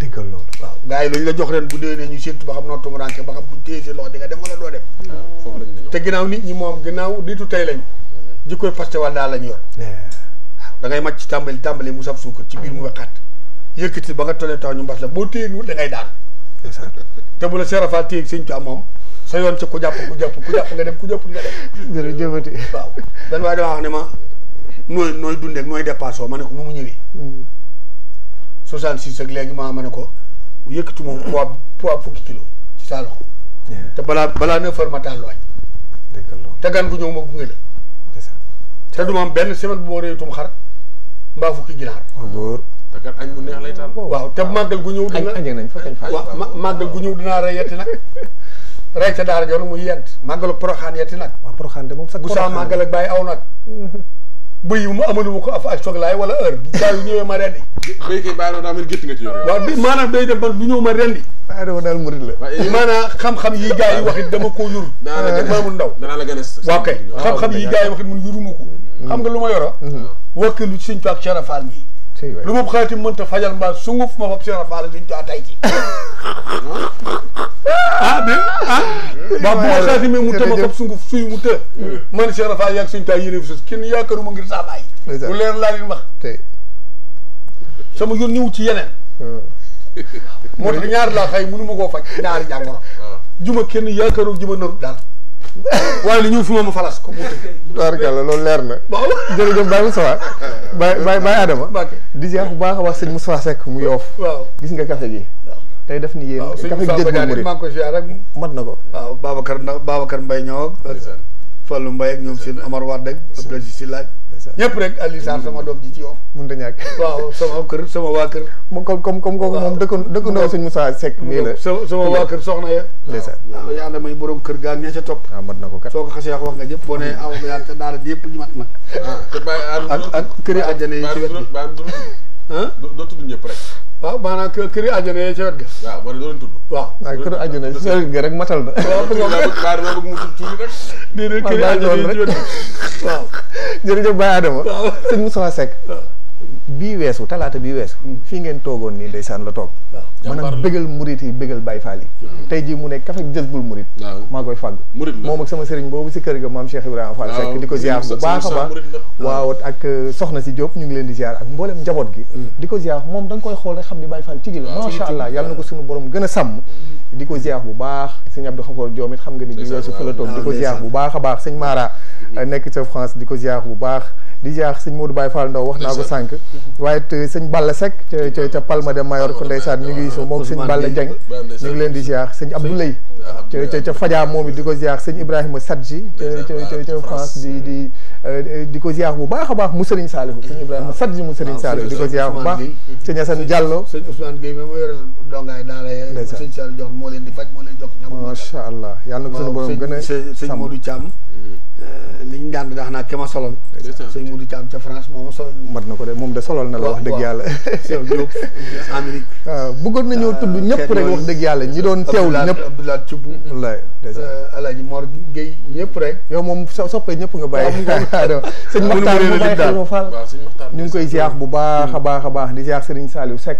dëggal loolu waaw gaa yi lu la jox ren bu dee ne ñu séntu ba xam nootu mu ba xam bu téye si loxo di nga dem wala doo dem hmm. foofu lañ te ginnaaw nit ñi moom ginnaaw nitu tey lañ jikkoy paste wal daal lañ yor waaw da ngay màcc tàmbali tàmbali mu saf suukar ci biir mu weqaat yëkkati ba nga tolee tax ñu mbas la boo da ngay daan te bu la Cheikh Rafa téye sëñ Tuubaa moom sa yoon ci ku jàpp ku jàpp ku jàpp nga dem ku jàpp nga dem. jërëjëfati waaw. benn ko mu mu ñëwee. 66 mm. ak léegi ma ma ne ko yëkkati moom poids kilo ci saa balaa balaa neuf heures ma taal lu te gan gu ñëw ma gunge la. te du ma am benn semaine bu ma réew xar mbaa fukki ginaar. Dakar añ bu neex lay taal. te màggal gu ñëw dina añ nañ fa kañ fa. waaw màggal gu ñëw dinaa rey yetti nag rey ca daara joon muy yent màggalu poroxaan yetti nag. waaw poroxaan de moom sax. bu saa màggal ak bàyyi aw nag. bëy mu amalu ko af ak soglaay wala heure saa yu ñëwee ma rendi. béy kay bàyyi naa mel gétt nga ci yore. waaw dem man bu ñëw ma rendi. waaye dama daal murid la. maanaam xam-xam yi gars yi wax it dama koo yur. danaa la gën a la a. waaw kay ah, xam yi gars yi wax it mun yuruma ko. Mm-hmm. xam nga lu ma yoro. Mm-hmm. wakkilu Sëñ Tuubaa ak Cheikh Fall mii lu ma xaatim mënta fajal mbaa sunguf ma fab Cheikh Ibra Fall liñ caa tey ci. ah mais ah. ba bu ma xaatimee mu tëb ma fab sunguf suy mu të. man Cheikh Ibra Fall yàgg suñ taay yéene fi sus kenn yaakaaruma ngir saa bàyyi. bu leer laa leen wax. tey sama yoon ñëw ci yeneen. Hmm. moo tax ñaar laa xay mënu ma koo faj ñaari jàngoro. Hmm. juma kenn yaakaaru juma naru dara. waaye lu ñëw fi moom falas ko tubaarkàlla loolu leer na jërëjëf Baye Moustapha Baye Baye Baye Adama di jeex bu baax a wax sëñ Moustapha Seck mu yoof gis nga café gi tey def ni yéen café gi jël mu maa mat na ko waaw Babacar Babacar Mbaye ñëw ak Fallou Mbaye ak ñoom seen Amar Wade ak Abdoulaye si laaj ñëpp rek Alioune Sarr sama doom ji ci yow. mënut a ñàkk waaw sama kër sama waa kër. mu comme comme comme kooku moom dëkk dëkkandoo suñ Moussa Seck. nii la sama waa kër soxna ya. ndeysaan waaw yaa damay borom kër gaa ña sa topp. waaw ah, na ko soo ko xasee wax nga ñëpp boo aw yaa ca daara yëpp mat na. waaw ah, te bàyyi ak ak kër yi àjjana yi ci wet bi. ah doo tudd ñëpp rek. waaw maanaam kër kër yi àjjana yi ca wet ga. waaw war na tudd. waaw waaw kër àjjana ga rek matal na. waaw xaar ma Adama. waaw sëñ Moustapha Seck. bii weesu talaata bii weesu hmm. fii ngeen toogoon nii saan la toog a bégal murit yi bégal Baay Faal yi hmm. tey jii mu ne kafe Jazbul murit maa koy fàgg moom ak sama sëriñ boobu si kër ga maam Cheikh Ibrahima Fall ko ziar bu baax a baax waaw ak euh, soxna si Diop ñu ngi leen di ziar ak mboolem njaboot gi hmm. di ko ziar moom da koy xool rek xam ni Baay Faal tigi la macha allah yàlla na ko suñu borom gën a sàmm di ko ziar bu baax sëñ Abdou Xafoor Joom it xam nga ni bi weesu fa la toog di ko ziar bu baax a baax sëñ Mara euh, nekk ca France di ko ziar bu baax di ziar sëñ Modou Baye Fall Ndaw wax naa ko sànq waaye sëñ Balla Seck ca ca ca Palma de Mallorca ndeysaan ñu ngi moom sëñ Balla Dieng ñu ngi leen di ziar sëñ Abdoulaye ca ca ca Fadja moom it di ko ziar sëñ Ibrahima Sadji ca ca ca France di euh, di ko ziar bu baax a baax mu sëriñ Saliou sëñ Ibrahima di ko ziar bu baax sëñ a Diallo sëñ Ousmane Gueye moo yore dongaay moo leen di faj moo leen jox macha allah yàlla na ko suñu borom gën a sëñ Euh, li ñu daan dax naa ke ma solol sëñ Mudu Caam ca France moo ma mat na ko de moom de solol na la wax dëgg yàlla Diop Amérique waaw bëggoon nañoo tudd euh, ñëpp rek wax dëgg yàlla ñi doon teewlu ñëpp Abdoulaye Thioub euh, ñëpp rek yow moom soppee ñëpp nga bàyyi sëñ Maxtaar mu bàyyi xel ñu ngi koy ziar bu baax a baax a baax di ziar Sëriñ Saliou Seck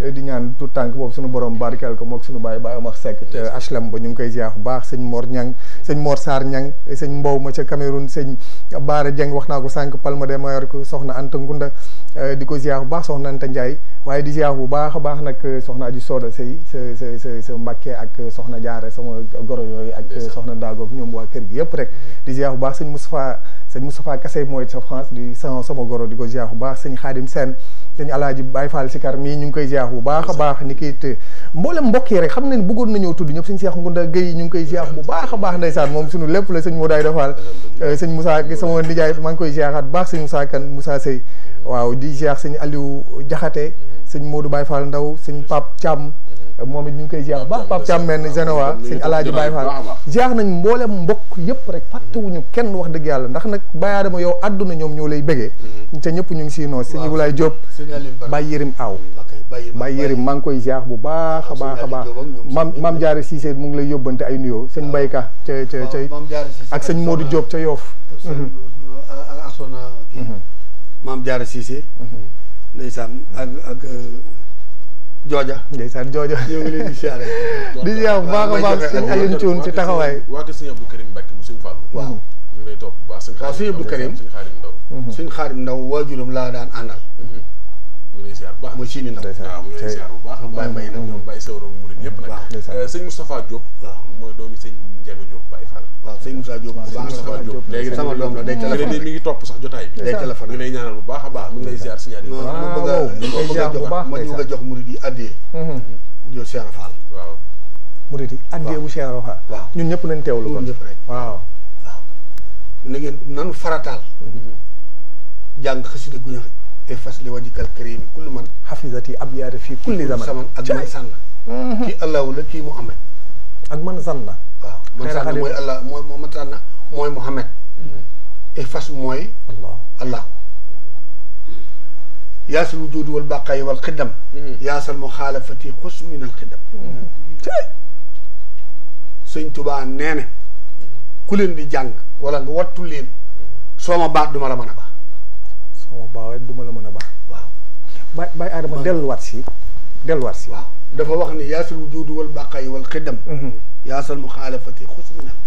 di ñaan tout tànk boobu suñu borom barkeel ko mook suñu bàyyi bàyyi Omar Seck HLM ba ñu ngi koy ziar bu baax sëñ Mor Ñang sëñ Mor Sarr Ñang Eh, sëñ Mbow ma ca Cameroun sëñ Baara Dieng wax naa ko sànq Palma de Mallorca soxna Anta Ngunda eh, di ko ziar bu baax soxna Anta Ndiaye waaye di ziar bu baax a baax nag eh, soxna Aju Sooda sëy sa sa sa sa Mbàkke ak soxna Jaara sama goro yooyu ak soxna Daagoog ñoom waa kër gi yëpp rek mm-hmm. di ziar bu baax sëñ Moustapha sëñ Moustapha Kase mooy sa France di sama sama goro di ko ziar bu baax sëñ Xaadim seen sëñ alaaji Baye Fall Sikar mii ñu ngi koy ziar bu baax a baax ni kii te mboolem mbokk yi rek xam nañ bëggoon nañoo tudd ñëpp sëñ Cheikh Ngunda Guèye ñu ngi koy ziar bu baax a baax ndeysaan moom suñu lépp la sëñ Modaay Dafal sëñ Moussa sama nijaay maa ngi koy ziaraat baax sëñ Moussa Kan Moussa Sey waaw di ziar sëñ Aliou Jaxate sëñ Modou baay Fall Ndaw sëñ Pape Thiam moom it ñu ngi koy ziar bu baax Pape Thiam mel ni Génoa sëñ Alaaji Baye Fall ziar nañ mboolem mbokk yëpp rek fàttewuñu kenn wax dëgg yàlla ndax nag Baye Adama yow àdduna ñoom ñoo lay bégee te ñëpp ñu ngi siy noo sëñ Wulaay Diop Baye Yérim Aw Baye Yérim maa ngi koy ziar bu baax a baax a baax maam maam Diarra Cissé mu ngi lay yóbbante ay nuyoo sëñ Mbayka ca ca ca ak sëñ Modou Diop ca Yoff maam Diarra Cissé ndeysaan ak ak jooja ndeysaan jooja ñoo ngi leen di siyaare di siyaare bu baax a baax suñu Alioune Thioune taxawaay waa kër sëñ Abdou Karim Mbacke mu sëñ Fallou waaw ñu ngi lay Karim sëñ Xaarim Ndaw mhm. sëñ Xaarim laa daan àndal mhm. mu ngi lay siyaare bu baax mooy Chine Ndaw mu ngi lay siyaare bu baax a baax Baye Mbaye nag ñoom Baye Sewro murid yëpp nag eh, sëñ Moustapha waaw sëñ Moussa Diop Moustapha Diop léegi sama doom la day téléphone mi ngi topp sax jotaay bi day téléphone mi ngi lay ñaanal bu baax a baax mi ngi lay ziar signal yi ma bëgg a jox ma bëgg a jox murid yi addee jo mhm. Cheikh Fall waaw murid yi addee bu Cheikh Fall waaw ñun ñëpp nañ teewlu kon waaw na ngeen nanu farataal mhm. jàng xasida gu ñu te fas li wajikal karimi kullu man xafisati ab yaata fii kulli zaman ak man sànn mhm. kii allahu la kii Muhammad ak man sànn waaw man sànn mooy allah mooy moom ma tànn mooy Muhammad ifas mm-hmm. mooy allah yaasal wujudi wal baqaayi wal xiddam mm-hmm. yaasal muxaalafati xus min al xiddam mm-hmm. sëñ tubaa nee na ku leen di jàng wala nga wattu leen soo ma baax duma la mën a baax soo ma baax duma la mën a baax waaw bay bay aadama si delluwaat si waaw dafa wax ne yaasal wujudi wal baqaayi wal xiddam yaasal mu xaalafati xus mi nag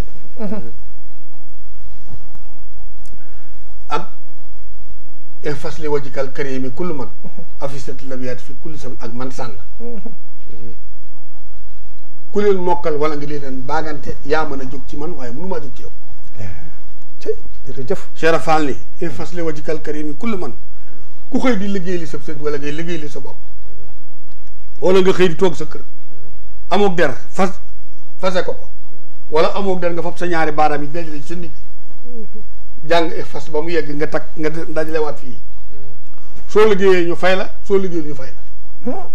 ak infas li wajikal karimi kullu man afisat labiyaat fi kulli sam ak man sànn ku leen mokkal wala nga leen baagante yaa mën a jóg ci man waaye mënumaa jóg ci yow jërëjëf Cheikh Fall ni infas li wajikal karimi kullu man ku xëy di liggéey li sa wala ngay liggéey sa bopp wala nga xëy di toog sa kër amook der fas fase ko ko wala amoog dal nga fab sa ñaari baaraam yi dajale ci sa nit jàng fas ba mu yegg nga takk nga dajalewaat fii soo liggéeyee ñu fay la soo liggéeyee ñu fay la.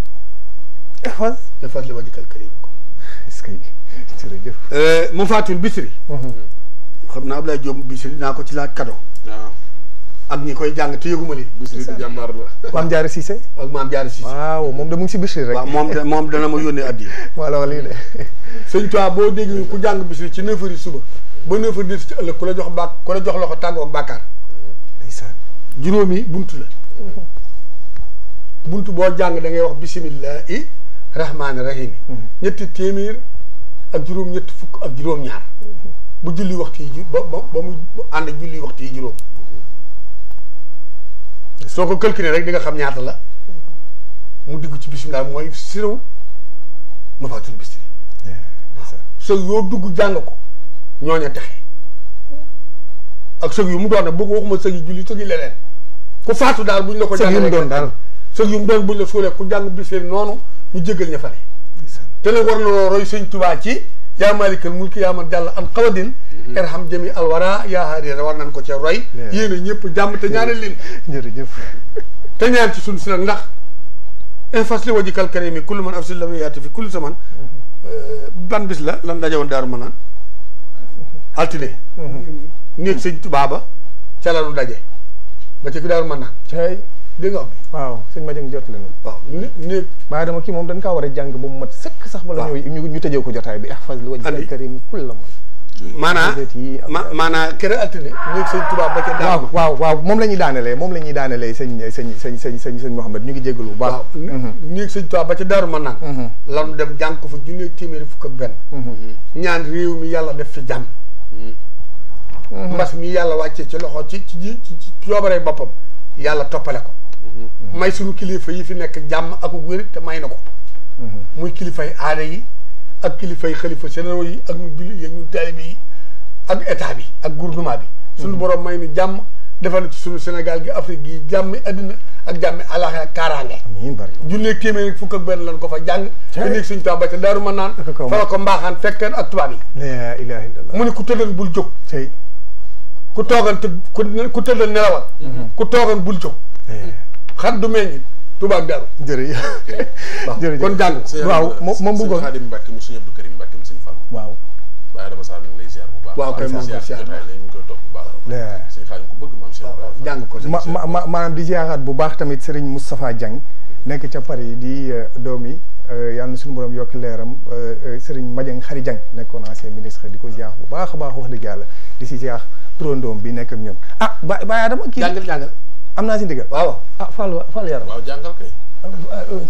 efas efas li ma dikkal kër yi ko. est-ce mu faatul bisri. xam naa Abdoulaye Diop bisri naa ko ci laa kado ak ñi koy jàng te yëguma li Bichri di jàmbaar la maam Diarra Cissé ak maam Diarra Cissé moom da mu si Bichri rek waaw moom moom dana ma yónnee addi voilà lii de sëñ Tuubaa boo dégg ku jàng Bichri ci neuf heures suba ba neuf heures ci ku la jox bàkk ku la jox loxo tàggoo ak bàkkaar ndeysaan juróomi bunt la bunt boo jàng da ngay wax bisimillahi rahmaani rahim ñetti téeméer ak juróom ñetti fukk ak juróom ñaar bu julli waxtu yi ba ba mu ànd julli waxtu yi juróom soo ko calculé rek di nga xam ñaata la mu dugg ci bisimilah mooy sirew ma fàttali bis bi. sëg yoo dugg jàng ko ñooña texe ak sëg yu mu doon nag boo ko waxuma sëg yu julli ku faatu daal buñ la ko. jàngalee sëg yu mu doon daal. sëg yu mu buñ la suulee ku jàng bis noonu ñu jégal ña fare. te nag war na roy sëñ Tuubaa ci. yaa maalikal mulki yaa man jàll am xawadin erham mm-hmm. jami alwara yaa haarira war nañ ko ca roy yéen a ñëpp jàmm te ñaanal leen jërëjëf te ñaan ci suñ si nag ndax infas li waji kalkare mi kullu man afsil lam yaati fi kullu saman mm-hmm. ban bis la lan daje woon daaru ma naan mm-hmm. altine néeg sëñ tubaaba ca la nu daje ba ci daaru ma naan dégg nga am waaw sëñ ma jëng jot la waaw li baa dama kii moom dañ kaa war a jàng ba mu mat sëkk sax bala ñëw ñu ñu tëjee ko jotaay bi ihfaz li wajhil karim kulla maanaa maanaa kër altine néeg sëñ tubaab ba ca waaw waaw moom la ñuy daanelee moom la ñuy daanelee sëñ sëñ sëñ sëñ sëñ sëñ Mouhamed ñu ngi jégalu bu baax mhm. néeg sëñ tubaab ba ca daaru ma naan mhm. lanu dem jàng ko fa junneeg téeméeri fukk ak benn mhm. ñaan réew mi yàlla def fi jàmm mbas mi yàlla wàccee ci loxo ci ci ci coobaree boppam yàlla toppale ko Mm-hmm. may sunu kilifa yi fi nekk jàmm ak wér te may na ko mm-hmm. muy kilifay aada yi ak kilifay xalifa généraux yi ak ñu julli yi ak ñu ak état bi ak gouvernement bi mm-hmm. suñu borom may ni jàmm defal na senegal gi Afrique gi jàmmi àddina ak jàmmi àllaaxe ak kaaraange junne téeméer fukk ak benn lan ko fa jàng te nekk suñu tamba te daaru ma naan fa la ko mbaaxaan fekkeen ak tubaab mu ne ku tëddan bul jóg ku toogan ku tëddan nelawal ku toogan bul jóg xar du meññ tubaab daru jërëjëf jërëjëf kon jàng waaw moom moom bëggoon Xaadim Mbàkke mu mu suñu Fallu waaw Baye Dama mi ngi lay ziar bu baax waaw kay maa ngi koy ziar jotaay ñu ngi koy topp bu baax suñu Xaadim ku bëgg maam Cheikh jàng ko ma di maanaam di ziaraat bu baax tamit Serigne mustafaa Dieng nekk ca Paris di euh, doomi euh, yàlla na suñu borom yokk leeram euh, sëriñ Madieng xari Dieng nekkoon ancien ministre di ko ziar bu baax baax wax dëgg yàlla di si ziar turandoom bi nekk ak ñoom ah ba Baye Adama kii jàngal jàngal am naa si ndigal waaw ah Fallou Fallou yaram waaw jàngal kay.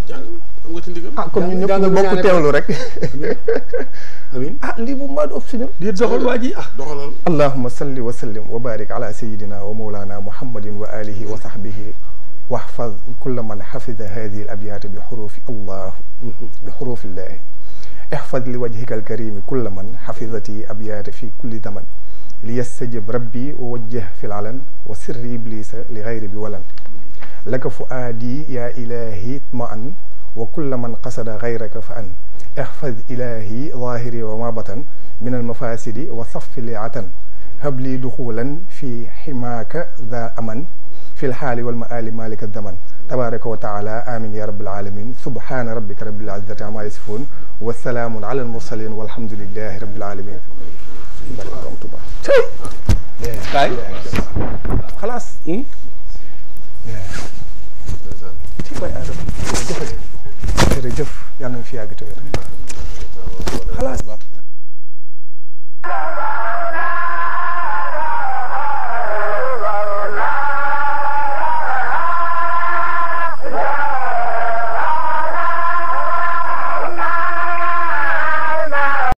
jàngal am nga si ndigal. ah comme ñun ñëpp ñu bokk teewlu rek. amiin ah lii bu maa doon suñu. di doxal waa ji ah doxalal. allahumma salli wa sallim wa barik ala sayyidina wa mawlana muhammadin wa alihi wa sahbihi واحفظ كل من حفظ هذه الأبيات بحروف الله بحروف الله احفظ لوجهك الكريم كل من حفظت أبيات في كل زمن li yastajib rabbi wa wajjih fil alan wa sirri iblisa li gayri bi walan laka fuaadi yaa ilahi ma an wa kulla man qasada gayraka fa an ihfaz ilahi zahiri wa mabatan min al mafasidi wa safi liatan hab li duxulan fi ximaaka za aman fi lxaali walmaali malika daman tabaraka wa taala amin ya rabil alamin subhana rabbika rabil izzati ama yasifun wa salaamun ala almursalin walhamdulilahi rabil alamin barke borom Tuuba kaay xalaas ci bay adam jërëjëf jërëjëf yàlla na fi yàgg te wér xalaas